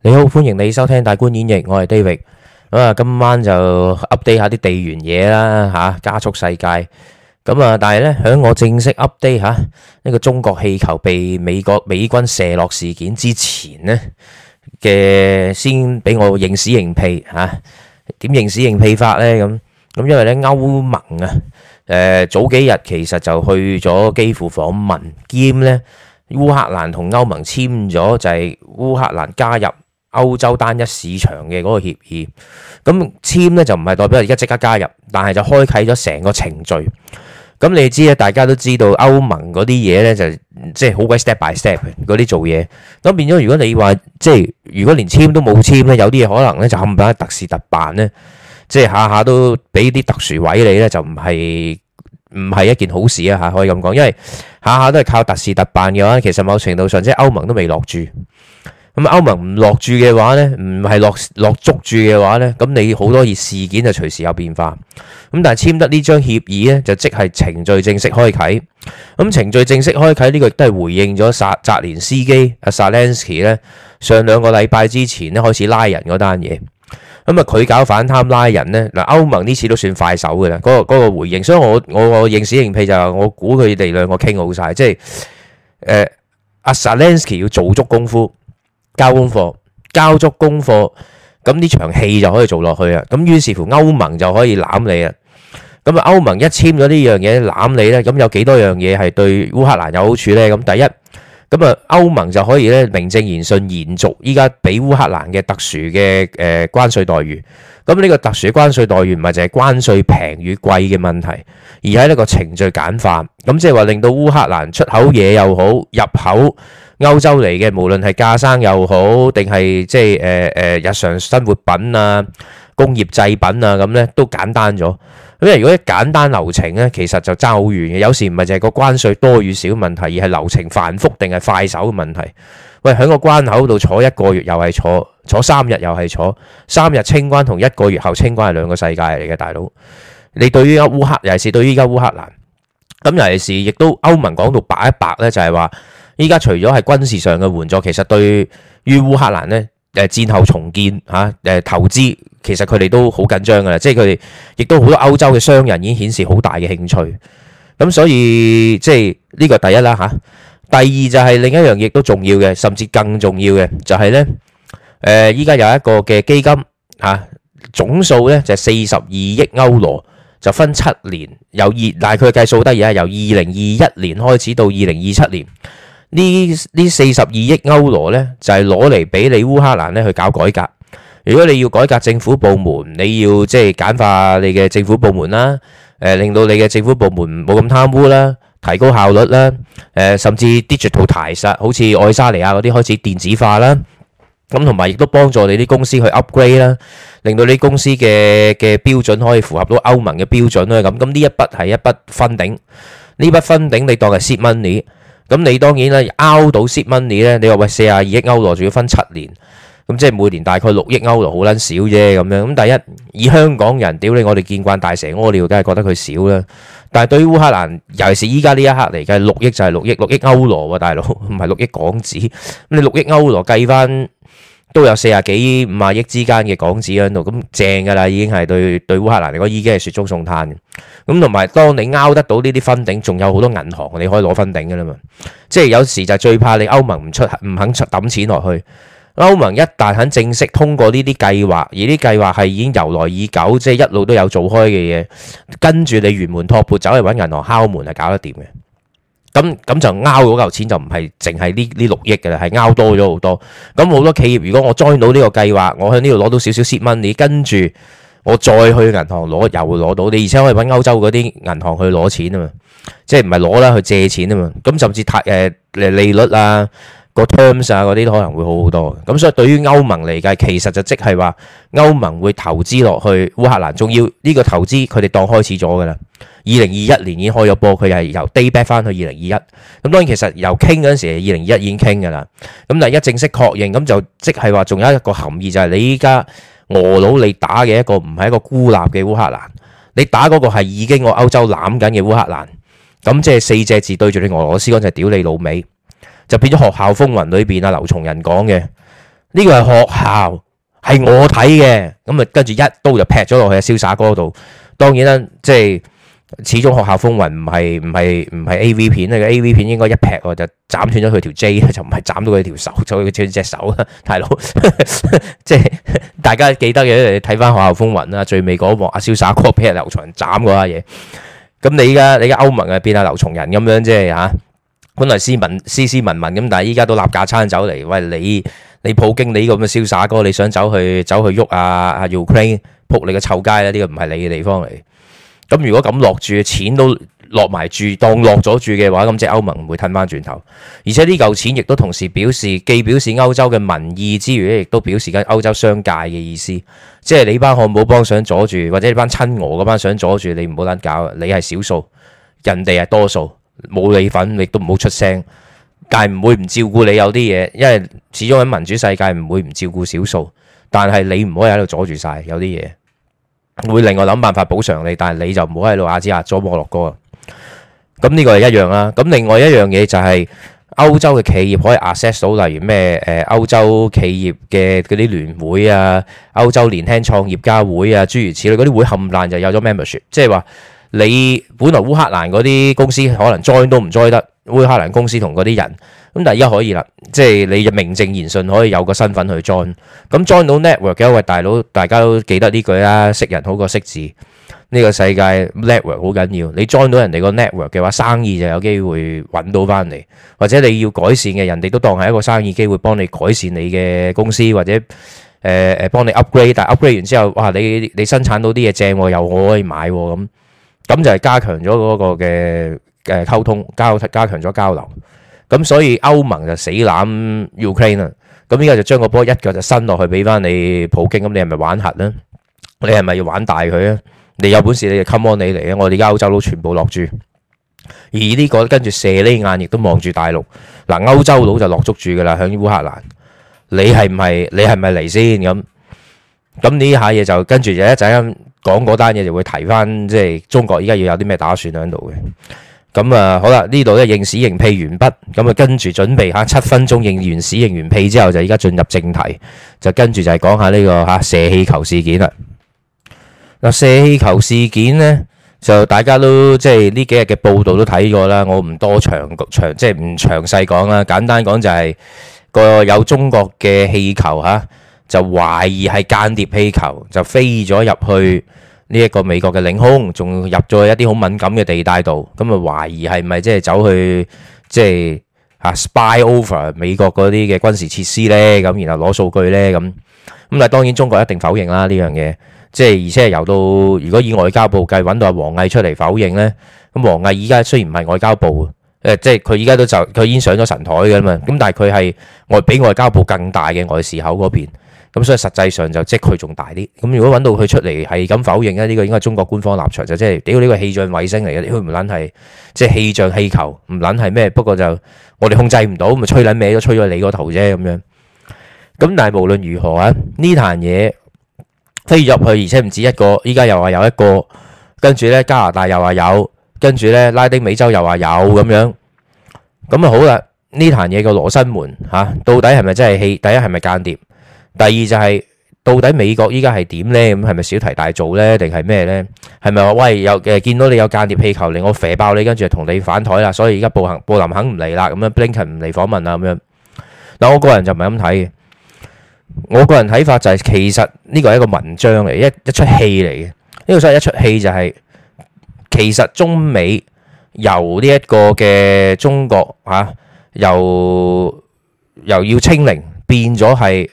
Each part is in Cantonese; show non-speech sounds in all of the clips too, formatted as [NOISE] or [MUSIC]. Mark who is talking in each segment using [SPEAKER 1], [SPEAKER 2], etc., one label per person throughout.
[SPEAKER 1] 你好，歡迎你收聽大觀演繹，我係 David。咁啊，今晚就 update 下啲地緣嘢啦，吓加速世界。咁啊，但係咧響我正式 update 吓呢個中國氣球被美國美軍射落事件之前咧嘅，先俾我認屎認屁吓，點認屎認屁法咧咁咁因為咧歐盟啊，誒早幾日其實就去咗基輔訪問兼咧烏克蘭同歐盟簽咗就係烏克蘭加入。歐洲單一市場嘅嗰個協議，咁簽呢就唔係代表而家即刻加入，但係就開啟咗成個程序。咁你知咧，大家都知道歐盟嗰啲嘢呢，就即係好鬼 step by step 嗰啲做嘢。咁變咗，如果你話即係如果連簽都冇簽呢，有啲嘢可能呢，就冚唪唥特事特辦呢。即係下下都俾啲特殊位你呢，就唔係唔係一件好事啊嚇！可以咁講，因為下下都係靠特事特辦嘅話。其實某程度上，即係歐盟都未落住。.咁歐盟唔落住嘅話呢，唔係落落捉住嘅話呢，咁你好多事件就隨時有變化。咁但係簽得呢張協議呢，就即係程序正式開啓。咁程序正式開啓呢個亦都係回應咗薩澤連斯基，阿澤連斯基呢，上兩個禮拜之前咧開始拉人嗰單嘢。咁啊，佢搞反貪拉人呢，嗱，歐盟呢次都算快手嘅啦。嗰個嗰個回應，所以我我我認屎認屁就係我估佢哋兩個傾好晒，即係阿澤連斯基要做足功夫。交功課，交足功課，咁呢場戲就可以做落去啦。咁於是乎歐盟就可以攬你啦。咁啊，歐盟一簽咗呢樣嘢攬你咧，咁有幾多樣嘢係對烏克蘭有好處呢？咁第一，咁啊，歐盟就可以咧名正言順延續依家俾烏克蘭嘅特殊嘅誒關稅待遇。咁呢個特殊嘅關稅待遇唔係就係關稅平與貴嘅問題，而喺呢個程序簡化。咁即係話令到烏克蘭出口嘢又好，入口。歐洲嚟嘅，無論係家生又好，定係即係誒誒日常生活品啊、工業製品啊咁咧，都簡單咗咁。因為如果一簡單流程咧，其實就爭好遠嘅。有時唔係就係個關稅多與少問題，而係流程繁複定係快手嘅問題。喂，喺個關口度坐一個月又係坐，坐三日又係坐，三日清關，同一個月後清關係兩個世界嚟嘅，大佬。你對於阿烏克，尤其係對依家烏克蘭咁，尤其係亦都歐盟講到白一白咧，就係話。依家除咗係軍事上嘅援助，其實對於烏克蘭咧，誒戰後重建嚇誒、啊啊、投資，其實佢哋都好緊張噶啦。即係佢哋亦都好多歐洲嘅商人已經顯示好大嘅興趣。咁所以即係呢、呢個第一啦嚇、啊。第二就係另一樣，亦都重要嘅，甚至更重要嘅就係咧誒。依、呃、家有一個嘅基金嚇、啊、總數咧就係四十二億歐羅，就分七年由二但係佢嘅計數得而啊，由二零二一年開始到二零二七年。呢呢四十二億歐羅咧，就係攞嚟俾你烏克蘭咧去搞改革。如果你要改革政府部門，你要即係簡化你嘅政府部門啦，誒令到你嘅政府部門冇咁貪污啦，提高效率啦，誒甚至 digitalise，好似愛沙尼亞嗰啲開始電子化啦，咁同埋亦都幫助你啲公司去 upgrade 啦，令到你啲公司嘅嘅標準可以符合到歐盟嘅標準啦。咁咁呢一筆係一筆 funding，呢筆 funding 你當係 seed money。咁你當然咧，拗到 Simeoni 咧，你話喂四十二億歐羅，仲要分七年，咁即係每年大概六億歐羅，好撚少啫咁樣。咁第一，以香港人，屌你，我哋見慣大蛇屙尿，梗係覺得佢少啦。但係對於烏克蘭，尤其是依家呢一刻嚟計，六億就係六億，六億歐羅喎，大佬，唔係六億港紙。咁你六億歐羅計翻。都有四十幾五十億之間嘅港紙喺度，咁、嗯、正㗎啦，已經係對對烏克蘭嚟講已經係雪中送炭嘅。咁同埋當你拗得到呢啲分頂，仲有好多銀行你可以攞分頂㗎啦嘛。即係有時就最怕你歐盟唔出唔肯出抌錢落去。歐盟一旦肯正式通過呢啲計劃，而啲計劃係已經由來已久，即係一路都有做開嘅嘢，跟住你沿門托缽走嚟揾銀行敲門係搞得掂嘅。咁咁就拗嗰嚿錢就唔係淨係呢呢六億嘅啦，係拗多咗好多。咁好多企業如果我 join 到呢個計劃，我喺呢度攞到少少蝕蚊，你跟住我再去銀行攞又會攞到你，而且可以揾歐洲嗰啲銀行去攞錢啊嘛，即係唔係攞啦去借錢啊嘛。咁甚至貸誒利利率啊。個 terms 啊，嗰啲都可能會好好多嘅，咁所以對於歐盟嚟計，其實就即係話歐盟會投資落去烏克蘭，仲要呢個投資佢哋當開始咗噶啦。二零二一年已經開咗波，佢係由 day back 翻去二零二一。咁當然其實由傾嗰陣時，二零二一已經傾噶啦。咁但一正式確認，咁就即係話仲有一個含義就係你依家俄佬你打嘅一個唔係一個孤立嘅烏克蘭，你打嗰個係已經我歐洲攬緊嘅烏克蘭。咁即係四隻字對住你俄羅斯嗰隻屌你老味。就變咗《學校風雲》裏邊啊，劉松仁講嘅呢個係學校，係我睇嘅，咁啊跟住一刀就劈咗落去啊，瀟灑哥度。當然啦，即係始終《學校風雲》唔係唔係唔係 A V 片啊、呢個，A V 片應該一劈我就斬斷咗佢條 J，就唔係斬到佢條手，就佢隻手啊，大佬。 [LAUGHS] [LAUGHS] 即係大家記得嘅，睇翻《學校風雲》啦，最尾嗰一幕啊，瀟灑哥俾阿劉松仁斬嗰下嘢。咁你依家你家歐盟係變下劉松仁咁樣啫、就、吓、係？啊本來斯文斯斯文文咁，但係依家都立架撐走嚟。喂，你你普京你呢個咁嘅瀟灑哥，你想走去走去喐啊啊 Ukraine 撲你個臭街啦！呢、這個唔係你嘅地方嚟。咁如果咁落住，錢都落埋住，當落咗住嘅話，咁即係歐盟會 t u 翻轉頭。而且呢嚿錢亦都同時表示，既表示歐洲嘅民意之餘，亦都表示緊歐洲商界嘅意思。即係你班漢堡幫想阻住，或者你班親俄嗰班想阻住，你唔好撚搞你係少數，人哋係多數。冇你份，你都唔好出聲，但係唔會唔照顧你有啲嘢，因為始終喺民主世界唔會唔照顧少數，但係你唔可以喺度阻住晒有啲嘢，會另外諗辦法補償你，但係你就唔好喺度壓制左摩洛哥啊。咁呢個係一樣啦。咁另外一樣嘢就係歐洲嘅企業可以 access 到，例如咩誒歐洲企業嘅嗰啲聯會啊，歐洲年輕創業家會啊，諸如此類嗰啲會，冚爛就有咗 membership，即係話。你本來烏克蘭嗰啲公司可能 join 都唔 join 得，烏克蘭公司同嗰啲人咁，但係而家可以啦，即係你名正言順可以有個身份去 join。咁 join 到 network 嘅一位大佬，大家都記得呢句啦，識人好過識字。呢個世界 network 好緊要，你 join 到人哋個 network 嘅話，生意就有機會揾到翻嚟。或者你要改善嘅，人哋都當係一個生意機會，幫你改善你嘅公司，或者誒誒幫你 upgrade。但係 upgrade 完之後，哇！你你生產到啲嘢正，又我可以買咁。咁就係加強咗嗰個嘅誒溝通，加加強咗交流。咁所以歐盟就死攬 Ukraine 啦。咁依家就將個波一腳就伸落去俾翻你普京。咁你係咪玩核咧？你係咪要玩大佢咧？你有本事你就 come on 你嚟啊！我哋而家歐洲佬全部落住。而呢個跟住謝利亞亦都望住大陸。嗱，歐洲佬就落足住噶啦，響烏克蘭。你係唔係？你係咪嚟先咁？咁呢下嘢就跟住就一陣間講嗰單嘢，就會提翻即係中國依家要有啲咩打算喺度嘅。咁啊，好啦，呢度咧，認屎認屁完畢，咁啊跟住準備吓七分鐘認完屎認完屁之後，就依家進入正題，就跟住就係講下呢個吓射氣球事件啦。嗱，射氣球事件呢就大家都即係呢幾日嘅報道都睇過啦，我唔多長長即係唔詳細講啦，簡單講就係個有中國嘅氣球吓。就懷疑係間諜氣球，就飛咗入去呢一個美國嘅領空，仲入咗一啲好敏感嘅地帶度。咁啊，懷疑係咪即係走去即係、就是、spy over 美國嗰啲嘅軍事設施呢？咁然後攞數據呢？咁、嗯、咁但係當然中國一定否認啦呢樣嘢，即係而且係由到如果以外交部計，揾到阿王毅出嚟否認呢？咁王毅依家雖然唔係外交部，即係佢依家都就佢已經上咗神台㗎嘛。咁但係佢係外比外交部更大嘅外事口嗰邊。咁、嗯、所以實際上就即佢仲大啲。咁如果揾到佢出嚟係咁否認咧，呢、這個應該係中國官方立場就是這個這個、即係屌呢個氣象衛星嚟嘅，佢唔撚係即係氣象氣球，唔撚係咩？不過就我哋控制唔到，咪吹撚咩都吹咗你個頭啫咁樣。咁但係無論如何啊，呢壇嘢飛入去，而且唔止一個，依家又話有一個，跟住咧加拿大又話有，跟住咧拉丁美洲又話有咁樣。咁啊好啦，呢壇嘢嘅羅生門嚇、啊，到底係咪真係氣？第一係咪間諜？是第二就係到底美國依家係點呢？咁係咪小題大做呢？定係咩呢？係咪話喂有誒見到你有間諜氣球，令我射爆你，跟住同你反台啦？所以而家布行布林肯唔嚟啦，咁樣布林肯唔嚟訪問啊，咁樣。但係我個人就唔係咁睇嘅。我個人睇法就係其實呢個係一個文章嚟，一一出戲嚟嘅。呢個真係一出戲就係其實中美由呢一個嘅中國吓，又又要清零變咗係。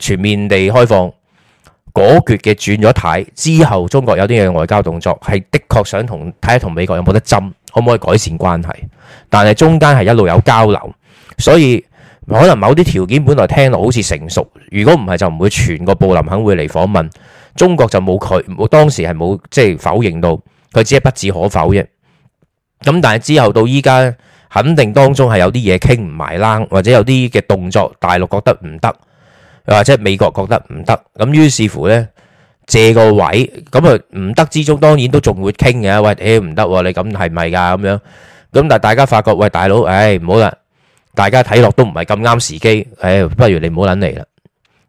[SPEAKER 1] 全面地開放嗰決嘅轉咗態之後，中國有啲嘢外交動作係的確想同睇下同美國有冇得針，可唔可以改善關係？但係中間係一路有交流，所以可能某啲條件本來聽落好似成熟，如果唔係就唔會全個布林肯會嚟訪問中國就冇佢。當時係冇即係否認到佢，只係不置可否啫。咁但係之後到依家，肯定當中係有啲嘢傾唔埋啦，或者有啲嘅動作大陸覺得唔得。又或者美國覺得唔得，咁於是乎呢，借個位，咁啊唔得之中，當然都仲會傾嘅。喂，誒唔得，你咁係咪係噶咁樣？咁但係大家發覺，喂大佬，唉唔好啦，大家睇落都唔係咁啱時機，唉、哎、不如你唔好捻嚟啦。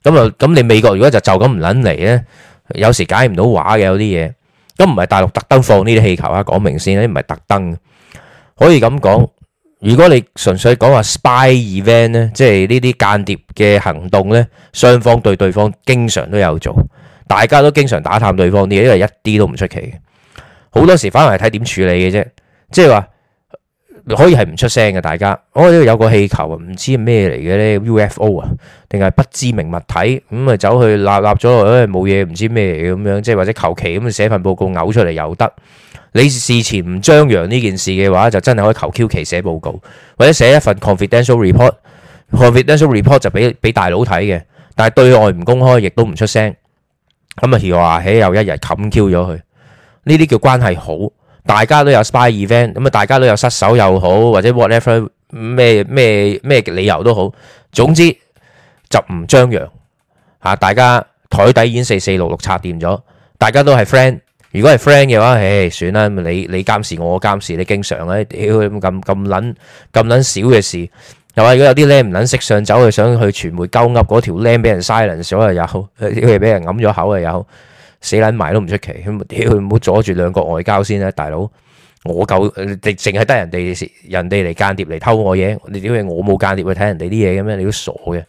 [SPEAKER 1] 咁啊咁你美國如果就就咁唔捻嚟呢，有時解唔到話嘅。有啲嘢，咁唔係大陸特登放呢啲氣球啊，講明先，你唔係特登，可以咁講。如果你純粹講話 spy event 咧，即係呢啲間諜嘅行動咧，雙方對對方經常都有做，大家都經常打探對方啲嘢，因為一啲都唔出奇嘅。好多時反而係睇點處理嘅啫，即係話可以係唔出聲嘅。大家我、哦、度有個氣球啊，唔知咩嚟嘅咧，UFO 啊，定係不知名物體咁啊，走去立立咗落，誒冇嘢，唔知咩嚟咁樣，即係或者求其咁寫份報告嘔出嚟又得。你事前唔張揚呢件事嘅話，就真係可以求 Q 其寫報告，或者寫一份 confidential report，confidential report 就俾俾大佬睇嘅，但係對外唔公開，亦都唔出聲。咁啊，起又一日冚 Q 咗佢，呢啲叫關係好，大家都有 spy event，咁啊，大家都有失手又好，或者 whatever 咩咩咩理由都好，總之就唔張揚吓，大家枱底已經四四六六插掂咗，大家都係 friend。如果係 friend 嘅話，唉，算啦，你你監視我，我監視，你經常咧，屌咁咁撚咁撚少嘅事，係嘛？如果有啲僆唔撚識上走去，去想去傳媒鳩噏，嗰條僆俾人 silence 咗又有，屌佢俾人揞咗口又有，死撚埋都唔出奇。屌佢唔好阻住兩國外交先啦，啊，大佬，我夠淨係得人哋人哋嚟間諜嚟偷我嘢，你屌佢我冇間諜去睇人哋啲嘢嘅咩？你都傻嘅。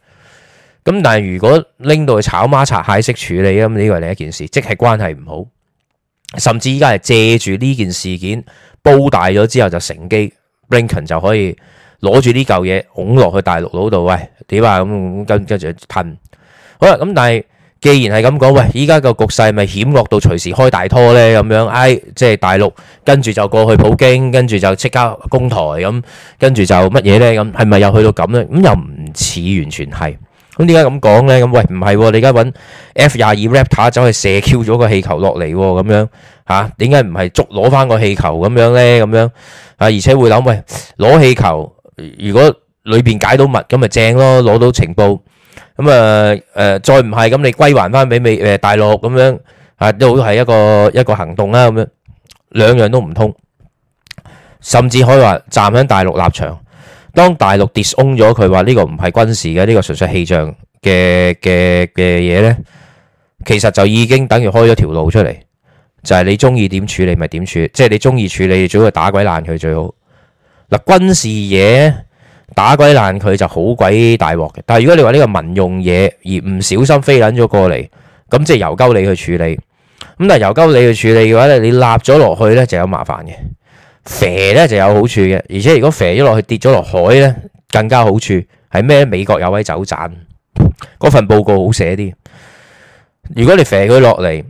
[SPEAKER 1] 咁但係如果拎到去炒孖茶蟹式處理咁，呢個另，另一件事，即係關係唔好。甚至依家係借住呢件事件煲大咗之後，就乘機，Blinken 就可以攞住呢嚿嘢拱落去大陸嗰度，喂點啊咁，跟跟住噴，好啦咁。但係既然係咁講，喂，依家個局勢咪險惡到隨時開大拖咧咁樣，唉，即係大陸跟住就過去普京，跟住就即刻攻台咁，跟住就乜嘢咧咁？係咪又去到咁咧？咁又唔似完全係。點解咁講咧？咁喂，唔係你而家揾 F 廿二 Raptor 走去射 Q 咗個氣球落嚟咁樣吓？點解唔係捉攞翻個氣球咁樣咧？咁樣啊，而且會諗喂，攞氣球如果裏邊解到密咁咪正咯，攞到情報咁啊誒，再唔係咁你歸還翻俾美誒大陸咁樣啊，都係一個一個行動啦咁樣，兩樣都唔通，甚至可以話站喺大陸立場，當大陸 disown 咗佢話呢個唔係軍事嘅呢個純粹氣象嘅嘅嘅嘢呢，其實就已經等於開咗條路出嚟，就係你中意點處理咪點處理，即係你中意處理，最好打鬼爛佢最好。嗱，軍事嘢打鬼爛佢就好鬼大鑊嘅，但係如果你話呢個民用嘢而唔小心飛撚咗過嚟，咁即係由鳩你去處理。咁但係由鳩你去處理嘅話咧，你立咗落去呢就有麻煩嘅。肥咧就有好處嘅，而且如果肥咗落去跌咗落海咧，更加好處係咩？美國有位走盞，嗰份報告好寫啲。如果你肥佢落嚟，誒、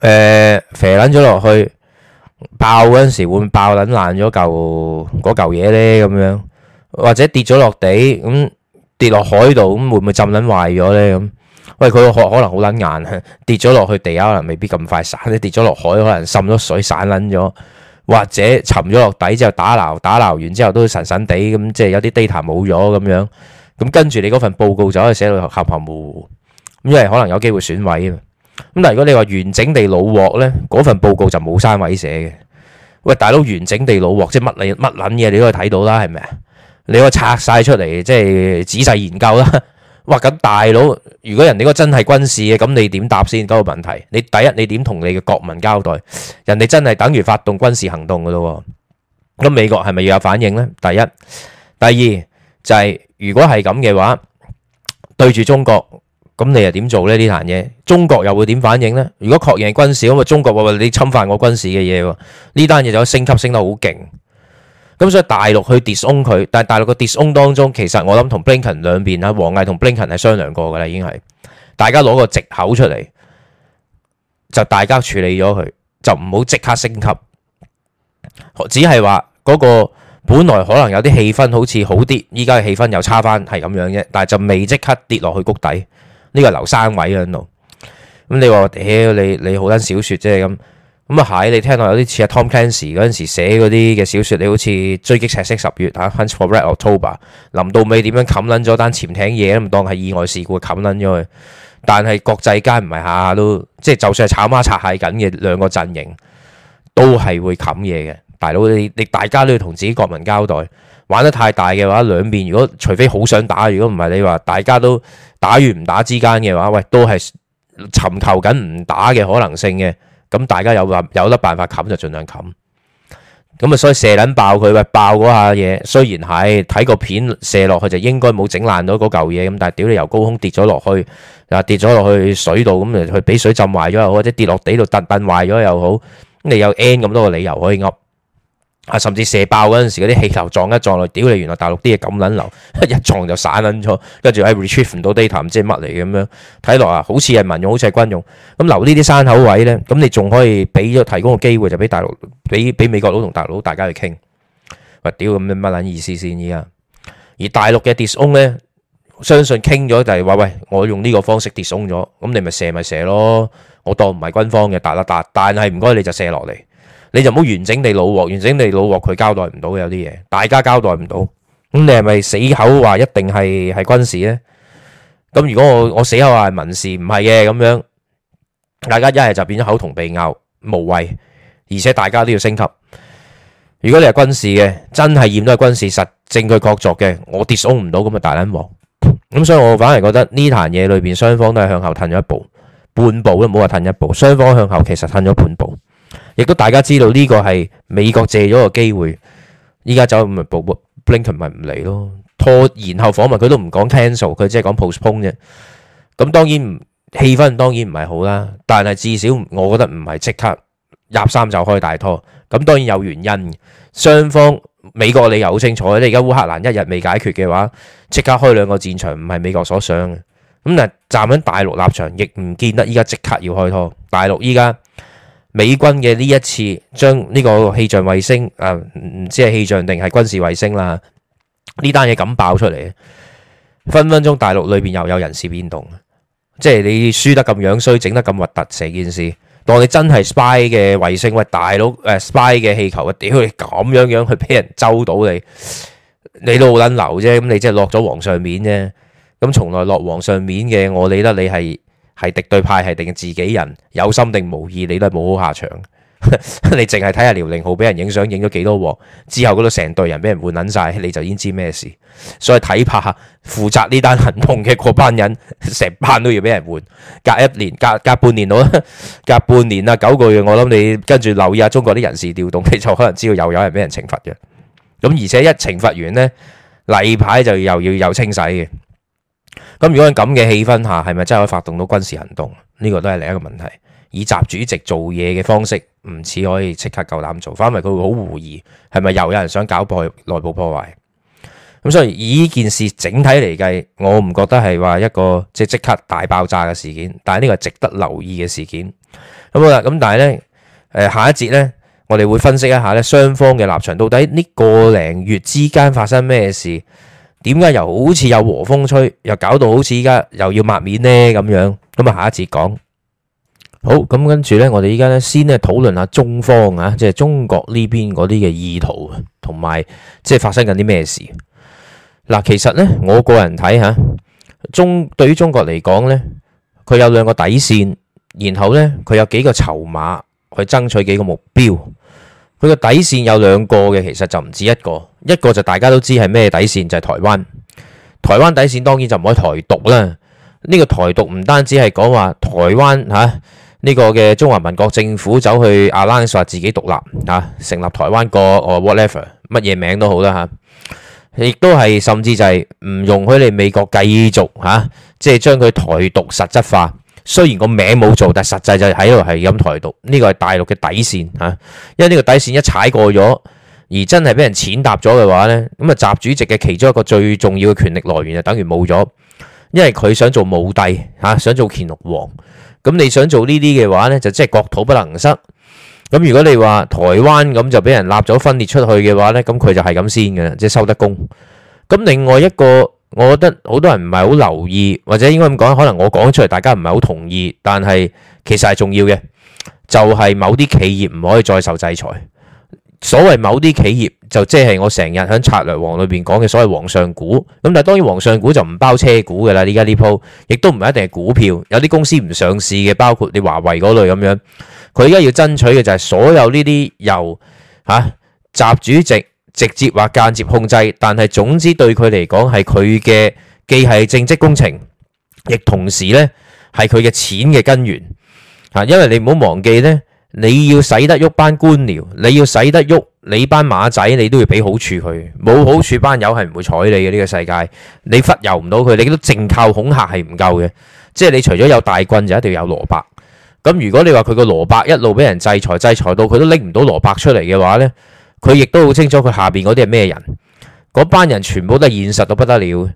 [SPEAKER 1] 呃，肥捻咗落去爆嗰陣時，會唔會爆捻爛咗嚿嗰嚿嘢咧？咁樣或者跌咗落地，咁、嗯、跌落海度，咁會唔會浸捻壞咗咧？咁，喂，佢殼可能好捻硬，跌咗落去地下可能未必咁快散，你跌咗落海可能滲咗水散捻咗。或者沉咗落底之後打撈，打撈完之後都神神地咁，即係有啲 data 冇咗咁樣，咁跟住你嗰份報告就可以寫到含含糊糊，咁因為可能有機會損毀啊。咁但如果你話完整地老鑊咧，嗰份報告就冇刪位寫嘅。喂，大佬完整地老鑊，即係乜撚乜撚嘢你都可以睇到啦，係咪啊？你可以拆晒出嚟，即係仔細研究啦。話緊大佬，如果人哋個真係軍事嘅，咁你點答先？嗰個問題，你第一你點同你嘅國民交代？人哋真係等於發動軍事行動嘅咯喎，咁美國係咪要有反應咧？第一、第二就係如果係咁嘅話，對住中國，咁你又點做咧？呢單嘢，中國又會點反應咧？如果確認係軍事，咁啊中國話你侵犯我軍事嘅嘢喎，呢單嘢就升級升得好勁。咁所以大陸去 disown 佢，但係大陸個 disown 當中，其實我諗同 Blinken 兩邊啊，王毅同 Blinken 係商量過㗎啦，已經係大家攞個藉口出嚟，就大家處理咗佢，就唔好即刻升級，只係話嗰個本來可能有啲氣氛好似好啲，依家嘅氣氛又差翻，係咁樣啫。但係就未即刻跌落去谷底，呢、這個留生位喺度。咁你話，屌、欸、你你好睇小説啫咁。咁啊，蟹、嗯！你聽落有啲似啊 Tom Clancy 嗰陣時寫嗰啲嘅小説，你好似《追擊赤色十月》嚇、啊《Hunt for Red October》，臨到尾點樣冚撚咗單潛艇嘢，唔當係意外事故冚撚咗佢。但係國際間唔係下下都，即係就算係炒孖擦蟹緊嘅兩個陣營，都係會冚嘢嘅。大佬你你大家都要同自己國民交代，玩得太大嘅話，兩邊如果除非好想打，如果唔係你話大家都打與唔打之間嘅話，喂，都係尋求緊唔打嘅可能性嘅。咁大家有話有得辦法冚就盡量冚，咁啊所以射撚爆佢，喂爆嗰下嘢，雖然係睇個片射落去就應該冇整爛到嗰嚿嘢，咁但係屌你由高空跌咗落去啊，跌咗落去水度咁，佢俾水浸壞咗又好，或者跌落地度扽扽壞咗又好，你有 n 咁多個理由可以噏。啊！甚至射爆嗰陣時，嗰啲氣球撞一撞落，屌你！原來大陸啲嘢咁撚流，一撞就散撚咗。跟住喺 retrieve 唔到 data，唔知係乜嚟嘅咁樣。睇落啊，好似係民用，好似係軍用。咁留呢啲山口位咧，咁你仲可以俾咗提供個機會，就俾大陸、俾俾美國佬同大陸佬大家去傾。喂屌咁乜撚意思先而家？而大陸嘅跌鬆咧，相信傾咗就係話喂，我用呢個方式跌鬆咗，咁你咪射咪射咯。我當唔係軍方嘅，達啦達，但係唔該你就射落嚟。你就唔好完整地老鑊，完整地老鑊佢交代唔到嘅有啲嘢，大家交代唔到。咁你係咪死口話一定係係軍事呢？咁如果我我死口話係民事，唔係嘅咁樣，大家一係就變咗口同鼻拗，無謂，而且大家都要升級。如果你係軍事嘅，真係驗到係軍事實證據確鑿嘅，我跌損唔到咁啊大撚鑊。咁所以我反而覺得呢壇嘢裏面雙方都係向後褪咗一步，半步都唔好話褪一步，雙方向後其實褪咗半步。亦都大家知道呢個係美國借咗個機會，依家走咪布布布林肯咪唔嚟咯，拖然後訪問佢都唔講 cancel，佢只係講 postpone 啫。咁當然氣氛當然唔係好啦，但係至少我覺得唔係即刻入三就開大拖。咁當然有原因，雙方美國理由好清楚，你而家烏克蘭一日未解決嘅話，即刻開兩個戰場唔係美國所想嘅。咁但站喺大陸立場，亦唔見得依家即刻要開拖。大陸依家。美軍嘅呢一次將呢個氣象衛星誒唔、啊、唔知係氣象定係軍事衛星啦，呢單嘢，咁爆出嚟，分分鐘大陸裏邊又有人事變動。即係你輸得咁樣衰，整得咁核突成件事。當你真係 sp、呃、spy 嘅衛星喂，大佬「誒 spy 嘅氣球啊，屌你咁樣咁樣去俾人周到你，你都好撚流啫。咁你即係落咗皇上面啫。咁從來落皇上面嘅我理得你係。係敵對派，係定自己人，有心定無意，你都係冇好下場。 [LAUGHS] 你淨係睇下遼寧號俾人影相，影咗幾多鑊之後，嗰度成隊人俾人換捻晒，你就已經知咩事。所以睇怕負責呢單行動嘅嗰班人，成班都要俾人換。隔一年、隔隔半年到啦，隔半年啊九個月，我諗你跟住留意下中國啲人事調動，你就可能知道又有人俾人懲罰嘅。咁而且一懲罰完呢，例牌就又要有清洗嘅。咁如果喺咁嘅氣氛下，係咪真係可以發動到軍事行動？呢個都係另一個問題。以習主席做嘢嘅方式，唔似可以即刻夠膽做，反為佢會好狐疑，係咪又有人想搞破內部破壞？咁所以以呢件事整體嚟計，我唔覺得係話一個即係即刻大爆炸嘅事件，但係呢個係值得留意嘅事件。咁好啦，咁但係呢，誒下一節呢，我哋會分析一下呢雙方嘅立場，到底呢個零月之間發生咩事？點解又好似有和風吹，又搞到好似依家又要抹面呢咁樣？咁啊，下一節講。好咁，跟住呢，我哋依家咧先咧討論下中方啊，即係中國呢邊嗰啲嘅意圖同埋即係發生緊啲咩事？嗱，其實呢，我個人睇下，中，對於中國嚟講呢，佢有兩個底線，然後呢，佢有幾個籌碼去爭取幾個目標。佢個底線有兩個嘅，其實就唔止一個。一個就大家都知係咩底線，就係、是、台灣。台灣底線當然就唔可以台獨啦。呢、這個台獨唔單止係講話台灣嚇呢個嘅中華民國政府走去阿蘭話自己獨立嚇、啊，成立台灣個、啊、whatever 乜嘢名都好啦嚇。亦、啊、都係甚至就係唔容許你美國繼續嚇、啊，即係將佢台獨實質化。雖然個名冇做，但實際就喺度係咁台獨。呢個係大陸嘅底線嚇，因為呢個底線一踩過咗，而真係俾人踐踏咗嘅話呢，咁啊，習主席嘅其中一個最重要嘅權力來源就等於冇咗，因為佢想做武帝嚇，想做乾隆王。咁你想做呢啲嘅話呢，就即係國土不能失。咁如果你話台灣咁就俾人立咗分裂出去嘅話呢，咁佢就係咁先嘅即係收得工。咁另外一個。我覺得好多人唔係好留意，或者應該咁講，可能我講出嚟大家唔係好同意，但係其實係重要嘅，就係、是、某啲企業唔可以再受制裁。所謂某啲企業就即、是、係我成日喺策略王裏邊講嘅所謂皇上股，咁但係當然皇上股就唔包車股㗎喇，而家呢鋪亦都唔一定係股票，有啲公司唔上市嘅，包括你華為嗰類咁樣。佢而家要爭取嘅就係所有呢啲由吓習、啊、主席。直接或間接控制，但係總之對佢嚟講係佢嘅，既係政績工程，亦同時呢係佢嘅錢嘅根源啊！因為你唔好忘記呢，你要使得喐班官僚，你要使得喐你班馬仔，你都要俾好處佢，冇好處班友係唔會睬你嘅呢個世界，你忽悠唔到佢，你都淨靠恐嚇係唔夠嘅，即係你除咗有大棍就一定要有蘿蔔。咁如果你話佢個蘿蔔一路俾人制裁，制裁到佢都拎唔到蘿蔔出嚟嘅話呢。佢亦都好清楚，佢下邊嗰啲係咩人？嗰班人全部都係現實到不得了。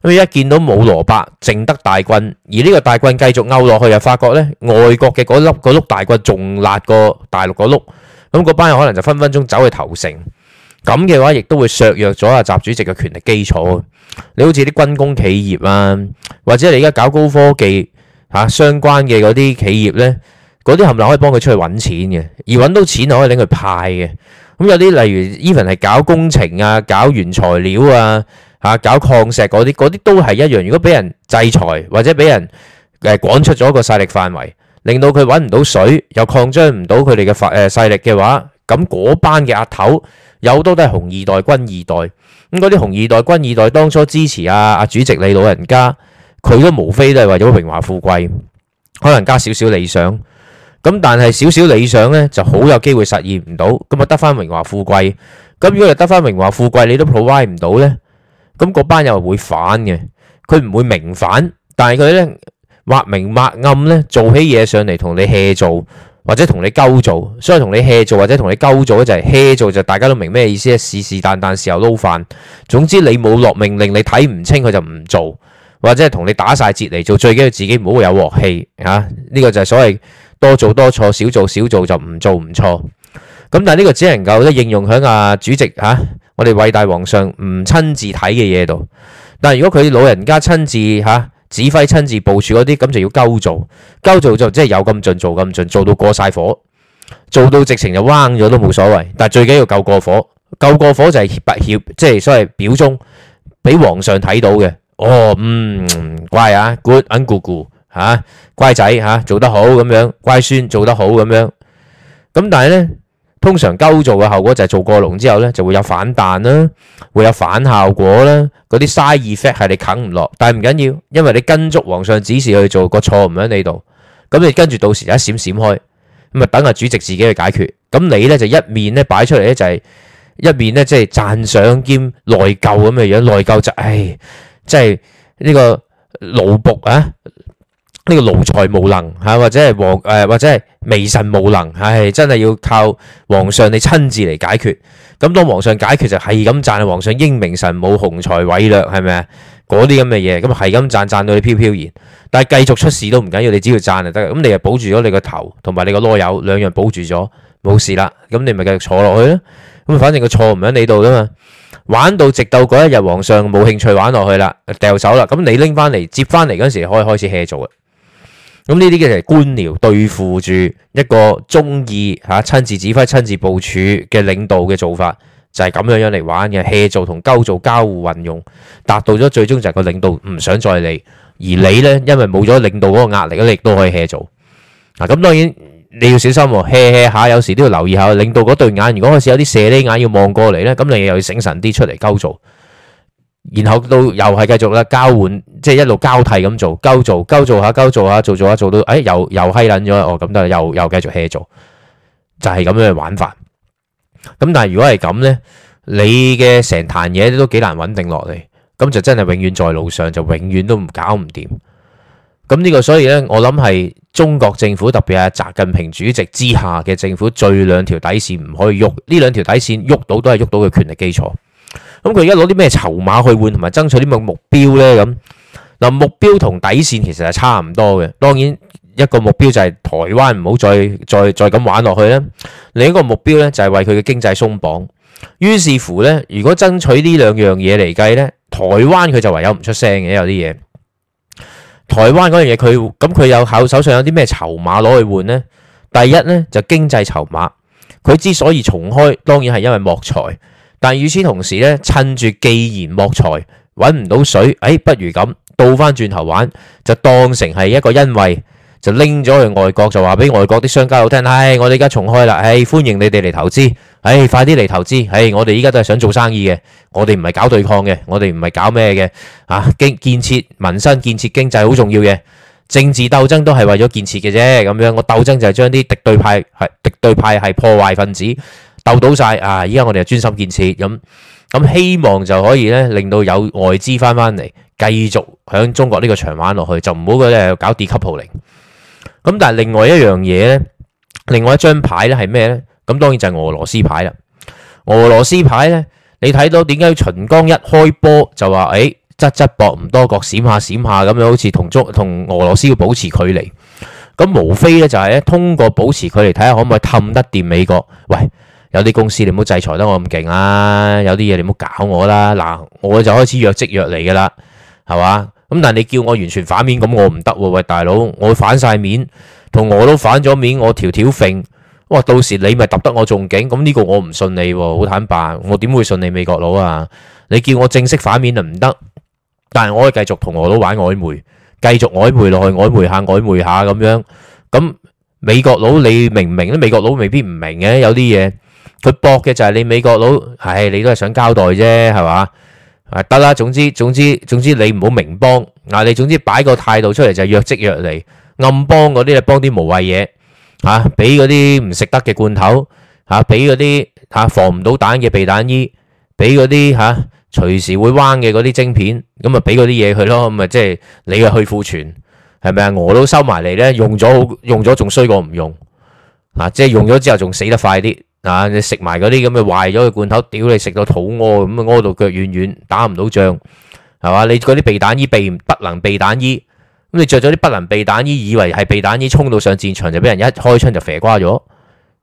[SPEAKER 1] 咁一見到冇蘿蔔淨得大棍，而呢個大棍繼續勾落去，又發覺咧外國嘅嗰粒嗰碌大棍仲辣過大陸個碌。咁嗰班人可能就分分鐘走去投誠，咁嘅話，亦都會削弱咗啊，習主席嘅權力基礎。你好似啲軍工企業啊，或者你而家搞高科技吓、啊、相關嘅嗰啲企業咧，嗰啲係咪可以幫佢出去揾錢嘅？而揾到錢，可唔可以拎佢派嘅？咁有啲例如 even 係搞工程啊、搞原材料啊、嚇、啊、搞礦石嗰啲，嗰啲都係一樣。如果俾人制裁或者俾人誒趕出咗個勢力範圍，令到佢揾唔到水，又擴張唔到佢哋嘅發勢力嘅話，咁嗰班嘅阿頭有好多都係紅二代、軍二代。咁嗰啲紅二代、軍二代當初支持阿、啊、阿主席你老人家，佢都無非都係為咗榮華富貴，可能加少少理想。咁但係少少理想呢，就好有機會實現唔到，咁啊得翻榮華富貴。咁如果你得翻榮華富貴，你都 provide 唔到呢。咁嗰班又會反嘅。佢唔會明反，但係佢呢，畫明抹暗呢，做起嘢上嚟同你 hea 做，或者同你鳩做。所以同你 hea 做或者同你鳩做就係 hea 做，就是、做大家都明咩意思？是是但但，時候撈飯。總之你冇落命令，你睇唔清佢就唔做，或者係同你打晒折嚟做，最緊要自己唔好有鑊氣啊！呢、這個就係所謂。多做多錯，少做少做就唔做唔錯。咁但係呢個只能夠咧應用喺阿主席吓、啊，我哋偉大皇上唔親自睇嘅嘢度。但係如果佢老人家親自吓、啊，指揮親自部署嗰啲，咁就要鳩做，鳩做就即係有咁盡做咁盡，做到過晒火，做到直情就彎咗都冇所謂。但係最緊要夠過火，夠過火就係協不協，即係所謂表忠俾皇上睇到嘅。哦，嗯，乖啊 good good。啊，乖仔，吓做得好咁樣，乖孫做得好咁樣。咁但係咧，通常鳩做嘅後果就係做過籠之後咧，就會有反彈啦，會有反效果啦。嗰啲 side effect 係你啃唔落，但係唔緊要，因為你跟足皇上指示去做，個錯誤喺你度，咁你跟住到時一閃閃開咁啊，等阿主席自己去解決。咁你咧就一面咧擺出嚟咧就係一面咧即係讚賞兼內疚咁嘅樣，內疚就唉，即係呢個勞僕啊。呢個奴才無能嚇，或者係皇誒，或者係微臣無能，係真係要靠皇上你親自嚟解決。咁當皇上解決就係咁讚，皇上英明神武、雄才偉略，係咪啊？嗰啲咁嘅嘢，咁啊係咁讚讚到你飄飄然。但係繼續出事都唔緊要，你只要讚就得。咁你又保住咗你個頭同埋你個囉柚兩樣保住咗，冇事啦。咁你咪繼續坐落去啦。咁反正個錯唔喺你度噶嘛。玩到直到嗰一日皇上冇興趣玩落去啦，掉手啦。咁你拎翻嚟接翻嚟嗰陣時，可以開始 hea 做咁呢啲嘅就係官僚對付住一個鍾意嚇親自指揮、親自部署嘅領導嘅做法，就係、是、咁樣樣嚟玩嘅。hea 做同鳩做交互運用，達到咗最終就係個領導唔想再嚟。而你呢，因為冇咗領導嗰個壓力，你亦都可以 hea 做。嗱、啊，咁當然你要小心喎，hea hea 下，有時都要留意下領導嗰對眼，如果開始有啲射喱眼要望過嚟呢，咁你又要醒神啲出嚟鳩做。然後到又係繼續啦，交換即係、就是、一路交替咁做，鳩做鳩做下，鳩做下，做做下做到，誒、哎、又又閪撚咗，哦，咁就又又繼續 hea 做，就係、是、咁樣嘅玩法。咁但係如果係咁呢，你嘅成壇嘢都幾難穩定落嚟，咁就真係永遠在路上，就永遠都唔搞唔掂。咁呢個所以呢，我諗係中國政府特別係習近平主席之下嘅政府，最兩條底線唔可以喐，呢兩條底線喐到都係喐到嘅權力基礎。咁佢而家攞啲咩籌碼去換，同埋爭取啲咩目標呢？咁嗱，目標同底線其實係差唔多嘅。當然一個目標就係台灣唔好再再再咁玩落去啦。另一個目標咧就係為佢嘅經濟鬆綁。於是乎呢，如果爭取呢兩樣嘢嚟計呢，台灣佢就唯有唔出聲嘅。有啲嘢，台灣嗰樣嘢佢咁佢有手上有啲咩籌碼攞去換呢？第一呢，就經濟籌碼，佢之所以重開，當然係因為莫財。但係與此同時咧，趁住既然莫財搵唔到水，誒、哎，不如咁倒翻轉頭玩，就當成係一個恩惠就拎咗去外國，就話俾外國啲商家好聽，唉、哎，我哋而家重開啦，唉、哎，歡迎你哋嚟投資，唉、哎，快啲嚟投資，唉、哎，我哋依家都係想做生意嘅，我哋唔係搞對抗嘅，我哋唔係搞咩嘅，啊，經建設民生，建設經濟好重要嘅，政治鬥爭都係為咗建設嘅啫，咁樣我鬥爭就係將啲敵對派系敵對派系破壞分子。受倒曬啊！依家我哋就專心建設咁咁，希望就可以咧，令到有外資翻翻嚟，繼續喺中國呢個場玩落去，就唔好佢咧搞 decoupling。咁但係另外一樣嘢咧，另外一張牌咧係咩咧？咁當然就係俄羅斯牌啦。俄羅斯牌咧，你睇到點解秦剛一開波就話誒，側側膊唔多覺，閃下閃下咁樣，好似同中同俄羅斯要保持距離。咁無非咧就係咧，通過保持距離睇下可唔可以氹得掂美國？喂！有啲公司你唔好制裁得我咁勁啊，有啲嘢你唔好搞我啦。嗱，我就開始若即若離噶啦，係嘛？咁但係你叫我完全反面，咁我唔得。喂，大佬，我反晒面，同俄都反咗面，我條條揈。哇，到時你咪揼得我仲勁。咁呢個我唔信你，好坦白，我點會信你美國佬啊？你叫我正式反面就唔得，但係我可以繼續同俄都玩曖昧，繼續曖昧落去，曖昧下，曖昧下咁樣。咁美國佬你明唔明？啲美國佬未必唔明嘅，有啲嘢。佢搏嘅就係你美國佬，唉，你都係想交代啫，係嘛？啊，得啦，總之總之總之你唔好明幫，嗱你總之擺個態度出嚟就係若即若離，暗幫嗰啲啊幫啲無謂嘢，吓俾嗰啲唔食得嘅罐頭，吓俾嗰啲吓防唔到彈嘅避彈衣，俾嗰啲吓隨時會彎嘅嗰啲晶片，咁啊俾嗰啲嘢佢咯，咁啊即係你啊去庫存，係咪啊？我都收埋嚟咧，用咗好用咗仲衰過唔用，啊即係用咗之後仲死得快啲。嗱、啊，你食埋嗰啲咁嘅壞咗嘅罐頭，屌你食到肚屙咁，屙到腳軟軟，打唔到仗，係嘛？你嗰啲避彈衣避不能避彈衣，咁你着咗啲不能避彈衣，以為係避彈衣，衝到上戰場就俾人一開槍就肥瓜咗，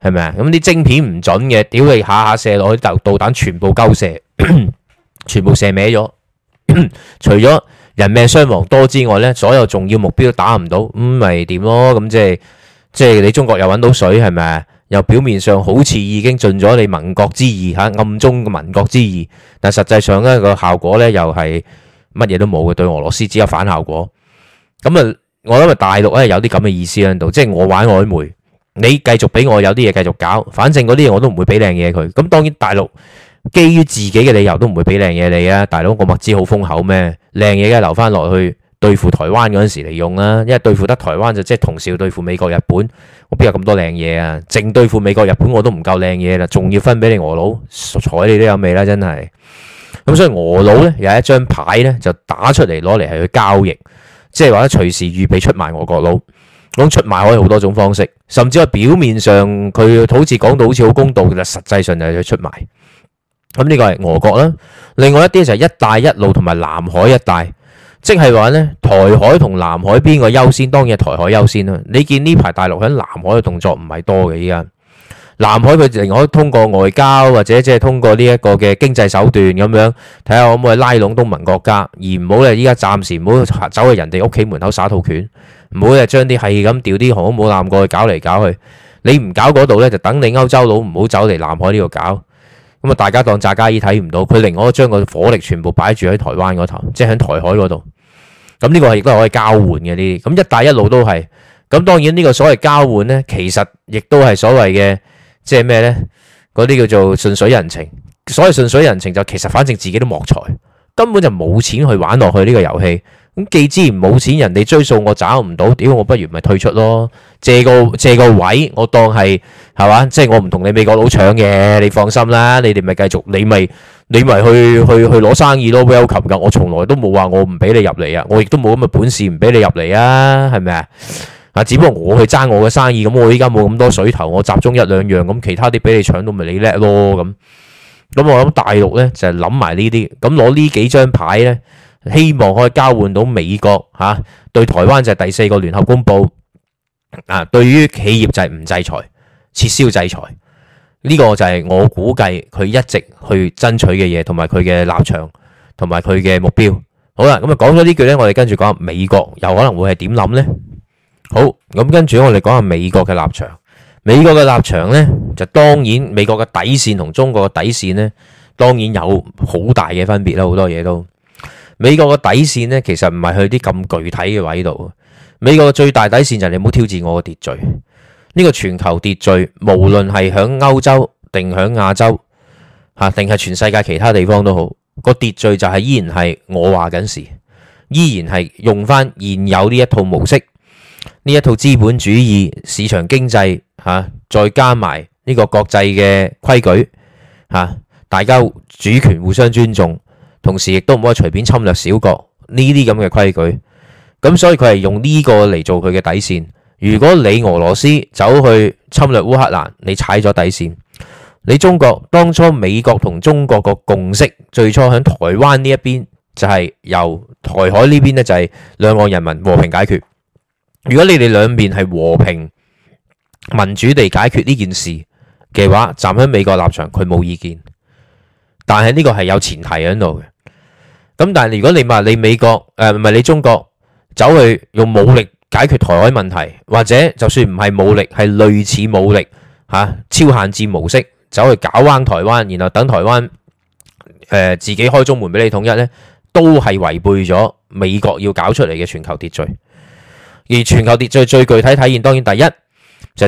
[SPEAKER 1] 係咪啊？咁啲晶片唔準嘅，屌你下下射落去導導彈全部鳩射， [COUGHS] 全部射歪咗， [COUGHS] 除咗人命傷亡多之外呢，所有重要目標都打唔到，咁咪點咯？咁即係即係你中國又搵到水係咪？又表面上好似已經盡咗你盟國之義吓，暗中嘅盟國之義，但係實際上呢個效果呢，又係乜嘢都冇嘅，對俄羅斯只有反效果。咁啊，我諗大陸咧有啲咁嘅意思喺度，即係我玩曖昧，你繼續俾我有啲嘢繼續搞，反正嗰啲嘢我都唔會俾靚嘢佢。咁當然大陸基於自己嘅理由都唔會俾靚嘢你啊，大佬我物資好豐厚咩？靚嘢嘅留翻落去。對付台灣嗰陣時嚟，用啦，因為對付得台灣就即係同時要對付美國、日本，我邊有咁多靚嘢啊？淨對付美國、日本我都唔夠靚嘢啦，仲要分俾你俄佬，睬你都有味啦，真係。咁所以俄佬呢，有一張牌呢，就打出嚟攞嚟係去交易，即係話咧隨時預備出賣俄國佬。咁出賣可以好多種方式，甚至話表面上佢好似講到好似好公道，其實，實際上就係去出賣。咁呢個係俄國啦，另外一啲就係一帶一路同埋南海一帶。即係話呢，台海同南海邊個優先？當然係台海優先啦。你見呢排大陸喺南海嘅動作唔係多嘅，依家南海佢另外通過外交或者即係通過呢一個嘅經濟手段咁樣，睇下可唔可以拉攏東盟國家，而唔好咧依家暫時唔好走去人哋屋企門口耍套拳，唔好啊將啲係咁掉啲航空母艦過去搞嚟搞去，你唔搞嗰度呢，就等你歐洲佬唔好走嚟南海呢度搞，咁啊大家當詐假意睇唔到，佢另外將個火力全部擺住喺台灣嗰頭，即係喺台海嗰度。咁呢個亦都係可以交換嘅呢啲，咁一帶一路都係。咁當然呢個所謂交換呢，其實亦都係所謂嘅即係咩呢？嗰啲叫做順水人情。所謂順水人情就其實反正自己都莫財，根本就冇錢去玩落去呢個遊戲。咁既之然冇錢，人哋追數我找唔到，屌我不如咪退出咯！借個借個位，我當係係嘛，即係我唔同你美國佬搶嘅，你放心啦，你哋咪繼續，你咪你咪去去去攞生意咯 welcome 噶，我從來都冇話我唔俾你入嚟啊，我亦都冇咁嘅本事唔俾你入嚟啊，係咪啊？只不過我去爭我嘅生意，咁我依家冇咁多水頭，我集中一兩樣，咁其他啲俾你搶到咪你叻咯咁。咁我諗大陸咧就係諗埋呢啲，咁攞呢幾張牌咧。希望可以交換到美國嚇、啊、對台灣就係第四個聯合公佈啊，對於企業就係唔制裁、撤銷制裁呢、呢個就係我估計佢一直去爭取嘅嘢，同埋佢嘅立場同埋佢嘅目標。好啦，咁啊講咗呢句呢，我哋跟住講下美國又可能會係點諗呢？好咁，跟、嗯、住我哋講下美國嘅立場。美國嘅立場呢，就當然美國嘅底線同中國嘅底線呢，當然有好大嘅分別啦，好多嘢都。美國嘅底線呢，其實唔係去啲咁具體嘅位度。美國最大底線就係你唔好挑戰我嘅秩序。呢個全球秩序，無論係響歐洲定響亞洲，吓定係全世界其他地方都好，個秩序就係依然係我話緊事，依然係用翻現有呢一套模式，呢一套資本主義市場經濟吓，再加埋呢個國際嘅規矩吓，大家主權互相尊重。同時亦都唔可以隨便侵略小國呢啲咁嘅規矩，咁所以佢係用呢個嚟做佢嘅底線。如果你俄羅斯走去侵略烏克蘭，你踩咗底線。你中國，當初美國同中國個共識，最初喺台灣呢一邊就係由台海呢邊呢，就係兩岸人民和平解決。如果你哋兩邊係和平民主地解決呢件事嘅話，站喺美國立場佢冇意見，但係呢個係有前提喺度嘅。咁但係如果你話你美國誒，唔係你中國走去用武力解決台海問題，或者就算唔係武力，係類似武力吓、啊、超限制模式走去搞彎台灣，然後等台灣誒、呃、自己開中門俾你統一咧，都係違背咗美國要搞出嚟嘅全球秩序。而全球秩序最具體體現，當然第一就